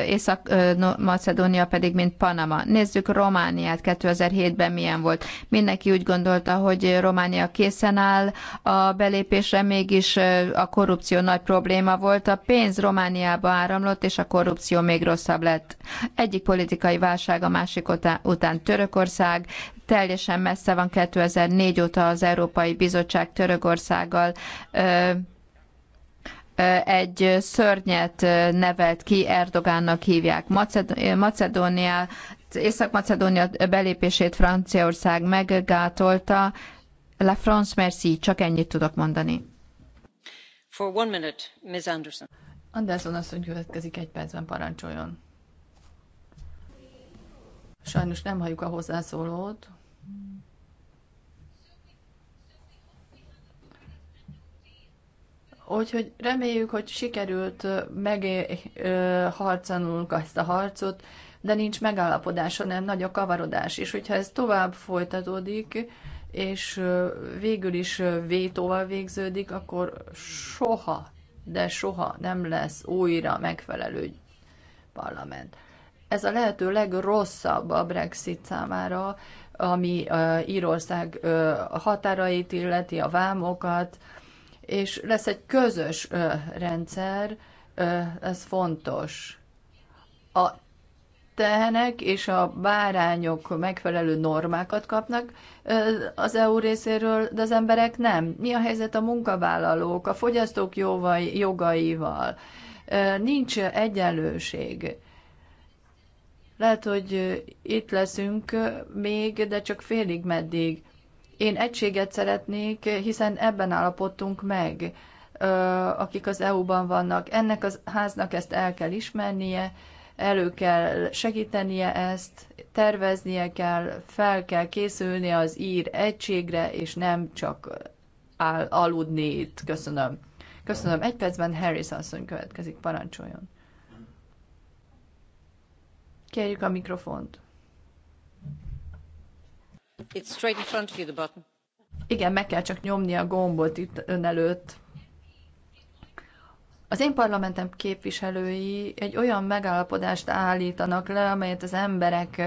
Észak-Macedónia pedig mint Panama. Nézzük Romániát 2007-ben milyen volt volt. Mindenki úgy gondolta, hogy Románia készen áll a belépésre, mégis a korrupció nagy probléma volt. A pénz Romániába áramlott, és a korrupció még rosszabb lett. Egyik politikai válság a másik után Törökország, teljesen messze van 2004 óta az Európai Bizottság Törökországgal egy szörnyet nevelt ki, Erdogánnak hívják. Macedónia, Észak-Macedónia belépését Franciaország meggátolta. La France merci, csak ennyit tudok mondani. For one minute, Ms. Anderson. Anderson asszony következik egy percben, parancsoljon. Sajnos nem halljuk a hozzászólót. Úgyhogy reméljük, hogy sikerült megharcanulnunk ezt a harcot, de nincs megállapodás, hanem nagy a kavarodás. És hogyha ez tovább folytatódik, és végül is vétóval végződik, akkor soha, de soha nem lesz újra megfelelő parlament. Ez a lehető legrosszabb a Brexit számára, ami Írország határait illeti, a vámokat, és lesz egy közös ö, rendszer, ö, ez fontos. A tehenek és a bárányok megfelelő normákat kapnak az EU részéről, de az emberek nem. Mi a helyzet a munkavállalók, a fogyasztók jóvai, jogaival? Nincs egyenlőség. Lehet, hogy itt leszünk még, de csak félig meddig. Én egységet szeretnék, hiszen ebben állapodtunk meg, akik az EU-ban vannak. Ennek a háznak ezt el kell ismernie, elő kell segítenie ezt, terveznie kell, fel kell készülni az ír egységre, és nem csak áll, aludni itt. Köszönöm. Köszönöm. Egy percben Harris asszony következik, parancsoljon. Kérjük a mikrofont. It's straight in front of you the button. Igen, meg kell csak nyomni a gombot itt ön előtt. Az én parlamentem képviselői egy olyan megállapodást állítanak le, amelyet az emberek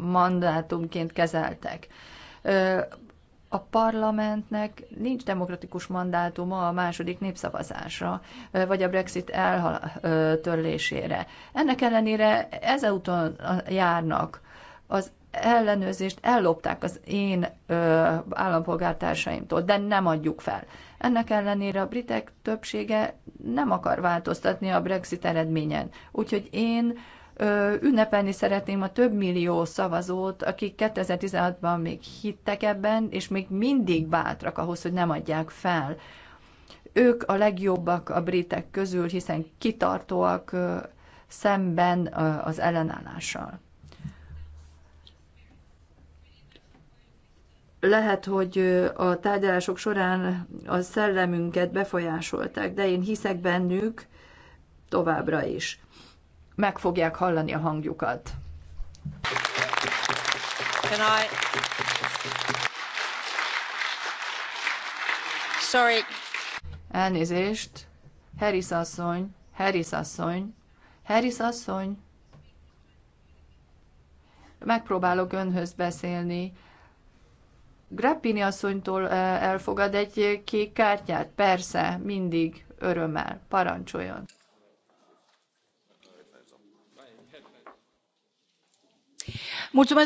mandátumként kezeltek. A parlamentnek nincs demokratikus mandátuma a második népszavazásra, vagy a Brexit eltörlésére. Ennek ellenére ezúton járnak. Az ellenőrzést ellopták az én ö, állampolgártársaimtól, de nem adjuk fel. Ennek ellenére a britek többsége nem akar változtatni a Brexit eredményen. Úgyhogy én ö, ünnepelni szeretném a több millió szavazót, akik 2016-ban még hittek ebben, és még mindig bátrak ahhoz, hogy nem adják fel. Ők a legjobbak a britek közül, hiszen kitartóak ö, szemben ö, az ellenállással. lehet, hogy a tárgyalások során a szellemünket befolyásolták, de én hiszek bennük továbbra is. Meg fogják hallani a hangjukat. Can I... Sorry. Elnézést. Harris asszony, Harris asszony, Harris asszony. Megpróbálok önhöz beszélni Grappini asszonytól elfogad egy kék kártyát? Persze, mindig örömmel. Parancsoljon.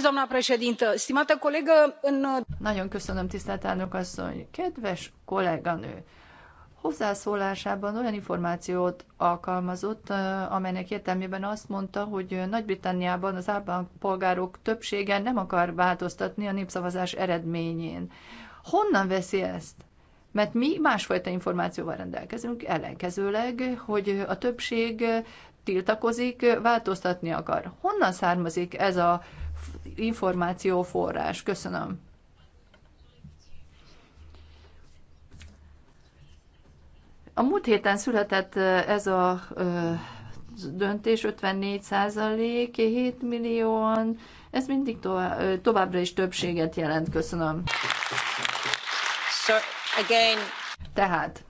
doamna președintă stimată colegă în. nagyon köszönöm tisztelt elnök asszony kedves kolléganő! hozzászólásában olyan információt alkalmazott, amelynek értelmében azt mondta, hogy Nagy-Britanniában az állampolgárok többsége nem akar változtatni a népszavazás eredményén. Honnan veszi ezt? Mert mi másfajta információval rendelkezünk, ellenkezőleg, hogy a többség tiltakozik, változtatni akar. Honnan származik ez a információforrás? Köszönöm. A múlt héten született ez a döntés, 54 százalék, 7 millióan, ez mindig tovább, továbbra is többséget jelent. Köszönöm. So, again. Tehát